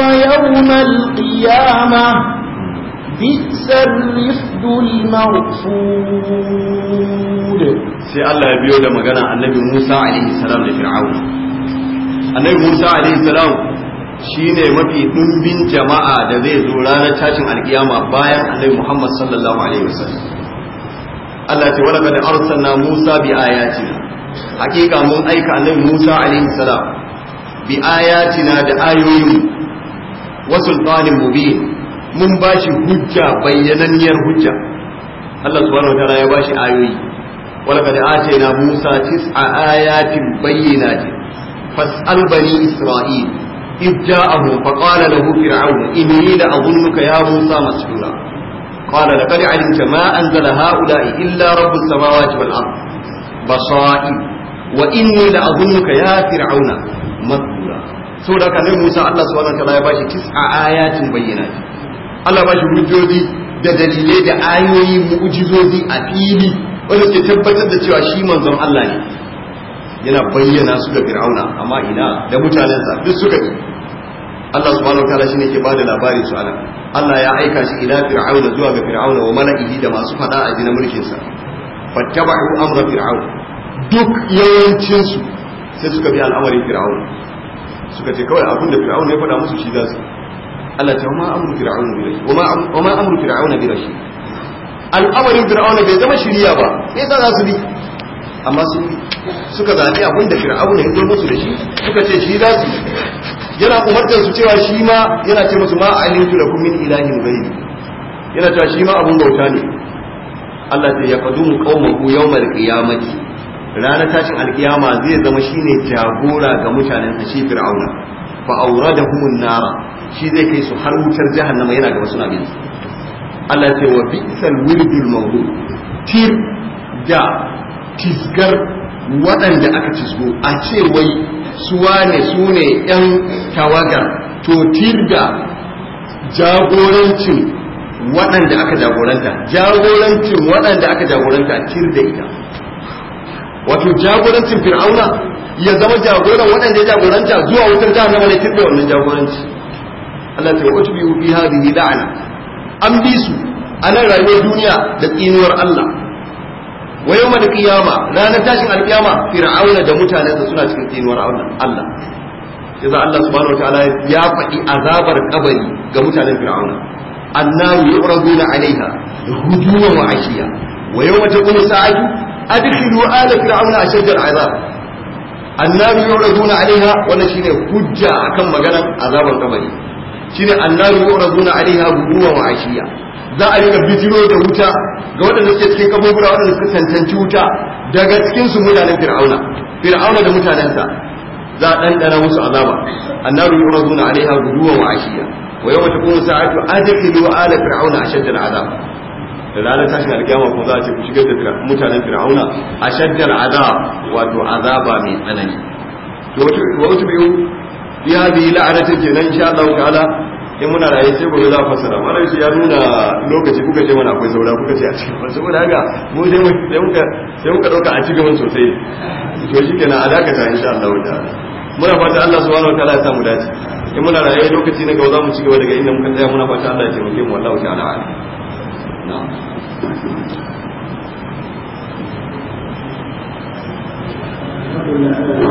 ويوم القيامة بئس الرفد المرفود
سي الله يبيو لما قال النبي موسى عليه السلام لفرعون النبي موسى عليه السلام shine mafi ɗumbin jama'a da zai zo ranar tashin alkiyama bayan annabi Muhammad sallallahu alaihi wasallam Allah ce wala kada arsalna Musa bi ayati hakika mun aika annabi Musa alaihi salam bi ayatina da ayoyin wa sultanin mubin mun bashi hujja bayyananniyar hujja Allah subhanahu ta'ala ya bashi ayoyi wala kad na Musa tis'a ayatin bayyinatin fas'al bani Isra'il إذ جاءه فقال له فرعون إني لأظنك يا موسى مسجونا قال لقد علمت ما أنزل هؤلاء إلا رب السماوات والأرض بصائر وإني لأظنك يا فرعون مسجونا سورة كان موسى الله سبحانه وتعالى يباشي تسع آيات بينات الله باشي hujjoji da dalilai da ayoyi mu'jizozi a fili wanda ke tabbatar da cewa shi manzon Allah ne yana bayyana su da fir'auna amma ina da mutanensa duk suka ji Allah subhanahu wataala shine ke bada labari su ana Allah ya aika shi ila fir'auna zuwa ga fir'auna wa mala'ihi da masu fada a jinin mulkin sa fattabahu amra fir'auna duk yawancin su sai suka bi al'amarin fir'auna suka ce kawai abun da fir'aun ya faɗa musu shi za su Allah ta ma amru fir'auna bi rashi wa ma amru fir'auna bi rashi al'amarin fir'auna bai zama shiriya ba sai za su bi amma su suka zane abin da fir'aun ya zo musu da shi suka ce shi za su yana umartar su cewa shi ma yana ce musu ma da kuma min ilahin bai yana ta shi ma abin bauta ne Allah ta yaqdumu yau mai kiyamaki ranar tashin alkiyama zai zama shine jagora ga mutanen shi fir'auna fa awradahumun nara shi zai kai su har wutar jahannama yana gaba suna bin Allah ta yi wa bi'sal wirdul mawdu tir da tisgar waɗanda aka tisgo a ce wai suwa ne su ne 'yan tawagar to tirga jagorancin waɗanda aka jagoranta jagorancin waɗanda aka jagoranta tirda ita wato jagorancin fir'auna ya zama jagoran waɗanda ya jagoranta zuwa wutar jahannama ne tirda wannan jagoranci Allah ta wato biyu bi hadihi la'ana an bi su anan rayuwar duniya da tsinuwar Allah wa yawma al-qiyama ranar tashin al fir'auna da mutanensa suna cikin tsinuwar Allah yasa Allah subhanahu wataala ya faɗi azabar kabari ga mutanen fir'auna annahu yu'raduna 'alayha hujuman wa 'ashiya wa yawma taqumu sa'atu adkhilu ala fir'auna ashad al-'azab annahu yu'raduna 'alayha wannan shine hujja akan maganar azabar kabari shine annaru yu'raduna alaiha buduwa wa ashiya za a rika bijiro da wuta ga waɗanda suke cikin kabubura waɗanda suka cancanci wuta daga cikin su mutanen fir'auna fir'auna da mutanensa za a ɗanɗana musu azaba annaru yu'raduna alaiha buduwa wa ashiya wa yawma taqumu sa'atu adkhilu ala fir'auna ashadda al'azab ranar tashin alkiyama kuma za a ce ku shigar da mutanen fir'auna ashaddal azab wato azaba mai tsanani to wato biyu fi biyi la'anatin nan insha Allah ta'ala in muna raye sai gobe za a fasara mana shi ya nuna lokaci kuka ce mana akwai saura kuka ce a cikin ba saboda haka mu sai muka sai muka dauka a cikin mun sosai to kenan a dakata insha Allah ta'ala muna fata Allah subhanahu wa ta'ala ya samu dace in muna raye lokaci na gaba za mu ci gaba daga inda muka tsaya muna fata Allah ya taimake mu wallahi ta'ala na'am
Thank you.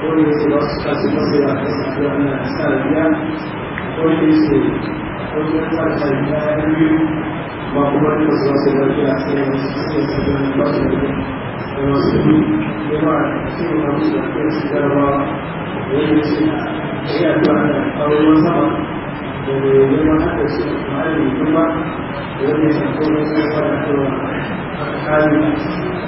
Hoy se va a hacer una estadía, hoy se hoy va a estar en vivo, va a comer los dos de la clase, los dos de la clase, los dos de la clase, los dos de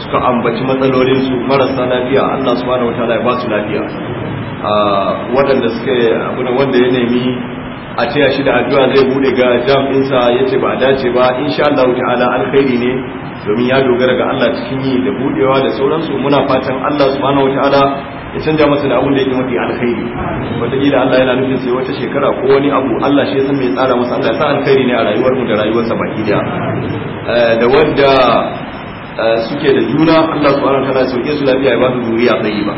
suka ambaci matsalolin su marasa lafiya Allah subhanahu ta'ala ya ba su lafiya ah, waɗanda suka abu wanda ya nemi a taya shi da addu'a zai bude ga jam'insa ya yace ba a dace ba insha Allah ta'ala alkhairi ne domin ya dogara ga Allah cikin yi da budewa da sauransu muna fatan Allah subhanahu ta'ala ya canja masa da abun da yake mafi alkhairi wataƙila Allah yana nufin sai wata shekara ko wani abu Allah shi ya san mai tsara masa Allah ya sa alkhairi ne a rayuwar mu da rayuwarsa baki eh, da wanda suke da juna Allah subhanahu wa ta'ala sauke su lafiya ya ba su zuriya tayyiba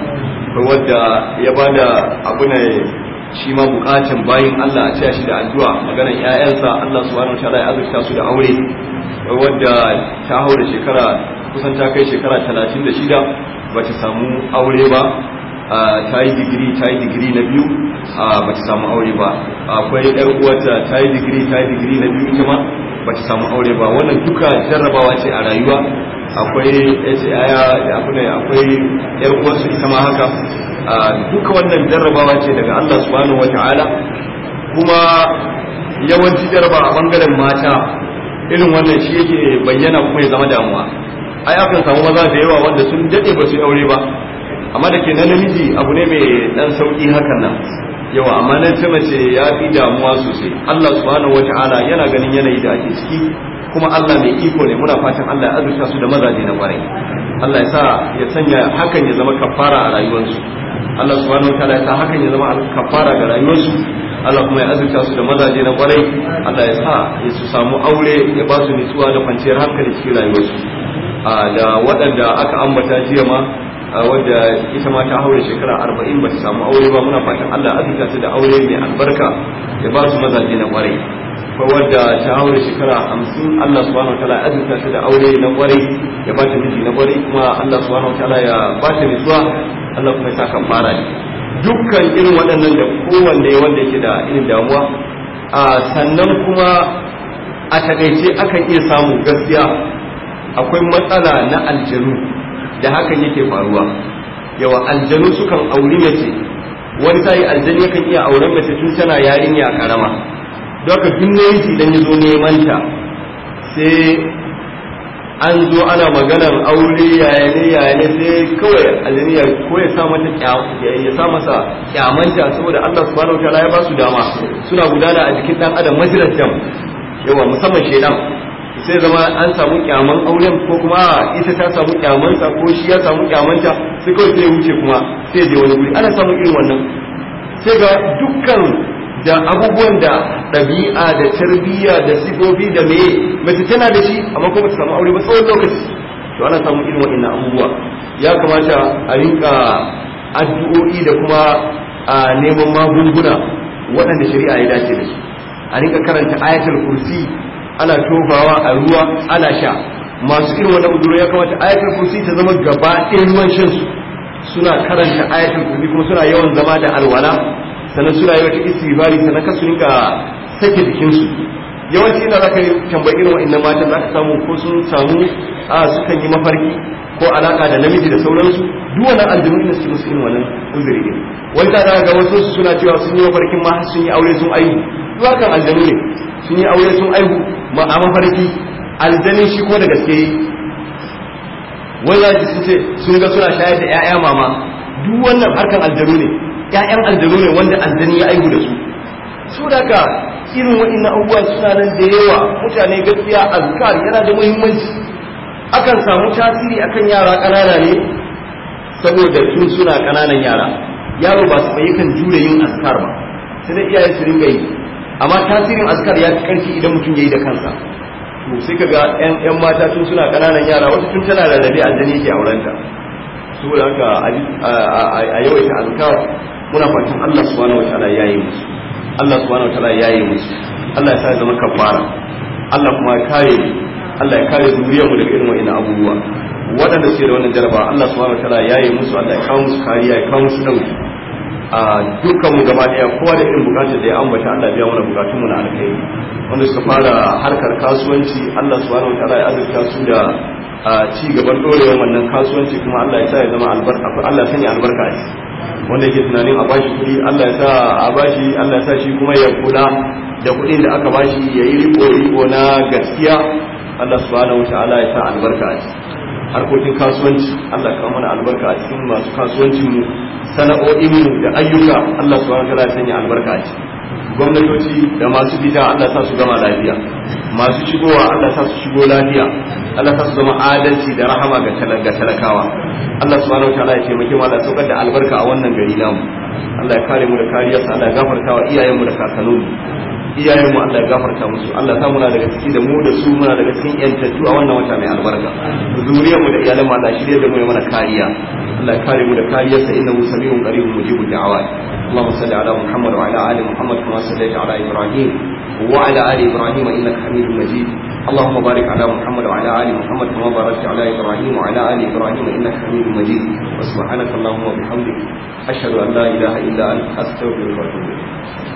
wadda ya ba da abu ne shi ma bukatan bayin Allah a ciya shi da addu'a ganin ƴaƴansa Allah subhanahu wa ta'ala ya azurta su da aure wadda ta haura shekara kusan ta kai shekara 36 bata samu aure ba ta yi digiri ta yi digiri na biyu ba ta samu aure ba akwai yar uwata ta yi digiri ta yi digiri na biyu ita ma ba ta samu aure ba wannan duka jarrabawa ce a rayuwa akwai yaya akwai yar uwansu ita ma haka duka wannan jarrabawa ce daga Allah subhanahu ta'ala kuma yawanci jarraba a bangaren mata irin wannan shi yake bayyana kuma ya zama damuwa ai akan samu maza da yawa wanda sun dade ba su aure ba amma da ke na namiji abu ne mai dan sauki hakan nan yawa amma nan ta mace ya fi damuwa sosai Allah subhanahu ta'ala yana ganin yanayi da ake ciki kuma Allah mai iko ne muna fatan Allah ya azurta su da mazaje na kwarai Allah ya sa ya sanya hakan ya zama kafara a rayuwarsu Allah subhanahu wa ya sa hakan ya zama kafara ga rayuwarsu Allah kuma ya azurta su da mazaje na kwarai Allah ya sa ya su samu aure ya ba su nutsuwa da kwanciyar hankali cikin rayuwarsu da waɗanda aka ambata jiya ma wadda ita ma ta haure shekara arba'in ba ta samu aure ba muna fatan Allah ya azurta su da aure mai albarka ya ba su mazaje na kwarai wadda ta haura shekara hamsin Allah subhanahu wa ta'ala azurta ta da aure na kwarai ya ba ta miji na kwarai kuma Allah subhanahu wa ta'ala ya ba ta nutsuwa Allah kuma ya sa kan fara dukkan irin waɗannan da kowanne wanda yake da irin damuwa a sannan kuma a takaice akan iya samu gaskiya akwai matsala na aljanu da hakan yake faruwa yawa aljanu sukan auri mace wani sai aljanu yakan iya auren mace tun tana yarinya karama don ka duk idan ya zo manta sai an zo ana maganar aure yaya ne yaya ne sai kawai aljani ko ya sa mata ya sa masa kyamanta saboda Allah subhanahu wataala ya ba su dama suna gudana a jikin dan adam majirar yawa musamman shedan sai zama an samu kyaman auren ko kuma ita ta samu kyamanta ko shi ya samu kyamanta sai kawai sai ya wuce kuma sai ya je wani guri ana samu irin wannan sai ga dukkan da abubuwan da ɗabi'a da tarbiyya da sifofi da mai mace tana da shi amma kuma ta samu aure ba tsawon lokaci to ana samun irin waɗannan abubuwa ya kamata a rinka addu'o'i da kuma a neman magunguna waɗanda shari'a ya dace da shi. a rinka karanta ayatul kursi ana tofawa a ruwa ana sha masu irin wannan uduro ya kamata ayatul kursi ta zama gaba ɗaya ruwan shan su suna karanta ayatul kursi kuma suna yawan zama da alwala sannan suna yi wata bari sannan ka su rinka sake jikinsu yawanci ina za ka tambayi irin wa'annan matan za ka samu ko sun samu a sukan yi mafarki ko alaka da namiji da sauransu duk wannan aljanu ne su musu irin wannan uzuri ne wanda za ga wasu suna cewa sun yi mafarkin ma sun yi aure sun aihu duk hakan aljanu ne sun yi aure sun aihu ma a mafarki aljanin shi ko da gaske wanda sun ce sun ga suna shayar da 'ya'ya mama duk wannan harkan aljanu ne ƴaƴan aljanu ne wanda aljani ya aihu da su su daga irin waɗannan abubuwa suna nan da yawa mutane gaskiya azkar yana da muhimmanci akan samu tasiri akan yara ƙanana ne saboda tun suna ƙananan yara yaro ba su kan jure yin azkar ba sai dai iyaye su ringa yi amma tasirin azkar ya fi ƙarfi idan mutum ya yi da kansa to sai kaga ga yan mata tun suna ƙananan yara wasu tun tana rarrabe aljani yake aurenta saboda haka a yawaita azkar muna fatan Allah subhanahu wataala ya yi musu Allah subhanahu wataala ya yi musu Allah ya sa zama kafara Allah kuma ya kare Allah ya kare duniyar mu daga irin wa'annan abubuwa waɗanda suke da wannan jaraba Allah subhanahu wataala ya yi musu Allah ya kawo musu kariya ya kawo musu dauki a dukkan mu gaba daya kowa da irin bukatun da ya ambata Allah biya mana bukatun mu na alkhairi wanda suka fara harkar kasuwanci Allah subhanahu wataala ya azurta su da a ci gaban dorewa wannan kasuwanci kuma Allah ya sa ya zama albarka Allah sanya albarka a ciki wanda ke tunanin a bashi kuɗi Allah ya sa a bashi Allah ya sa shi kuma ya kula da kuɗin da aka bashi ya yi riko riko na gaskiya Allah subhanahu ta'ala ya sa albarka a harkokin kasuwanci Allah ka mana albarka a cikin masu kasuwancin mu sana'o'in mu da ayyuka Allah subhanahu ta'ala ya sanya albarka a cikin gwamnatoci da masu bida Allah sa su gama lafiya masu shigowa Allah sa su shigo lafiya Allah sa su zama adalci da rahama ga talakawa Allah subhanahu ta'ala ya taimake mu Allah saukar da albarka a wannan gari namu Allah ya kare mu da kariyarsa Allah ya gafarta wa iyayen mu da kakanninmu iyayen mu Allah ya gafarta musu Allah ta muna daga ciki da mu da su muna daga cikin yantattu a wannan wata mai albarka zuriyar mu da iyalan mu Allah shirye da mu ya mana kariya Allah ya kare mu da kariyarsa innahu samiun qaribun mujibud da'awat Allahumma salli ala Muhammad wa ala ali Muhammad kama sallaita ala Ibrahim wa ala ali Ibrahim innaka Hamidum Majid اللهم بارك على محمد وعلى ال محمد كما باركت على ابراهيم وعلى ال ابراهيم انك حميد مجيد وسبحانك اللهم وبحمدك اشهد ان لا اله الا انت استغفرك واتوب اليك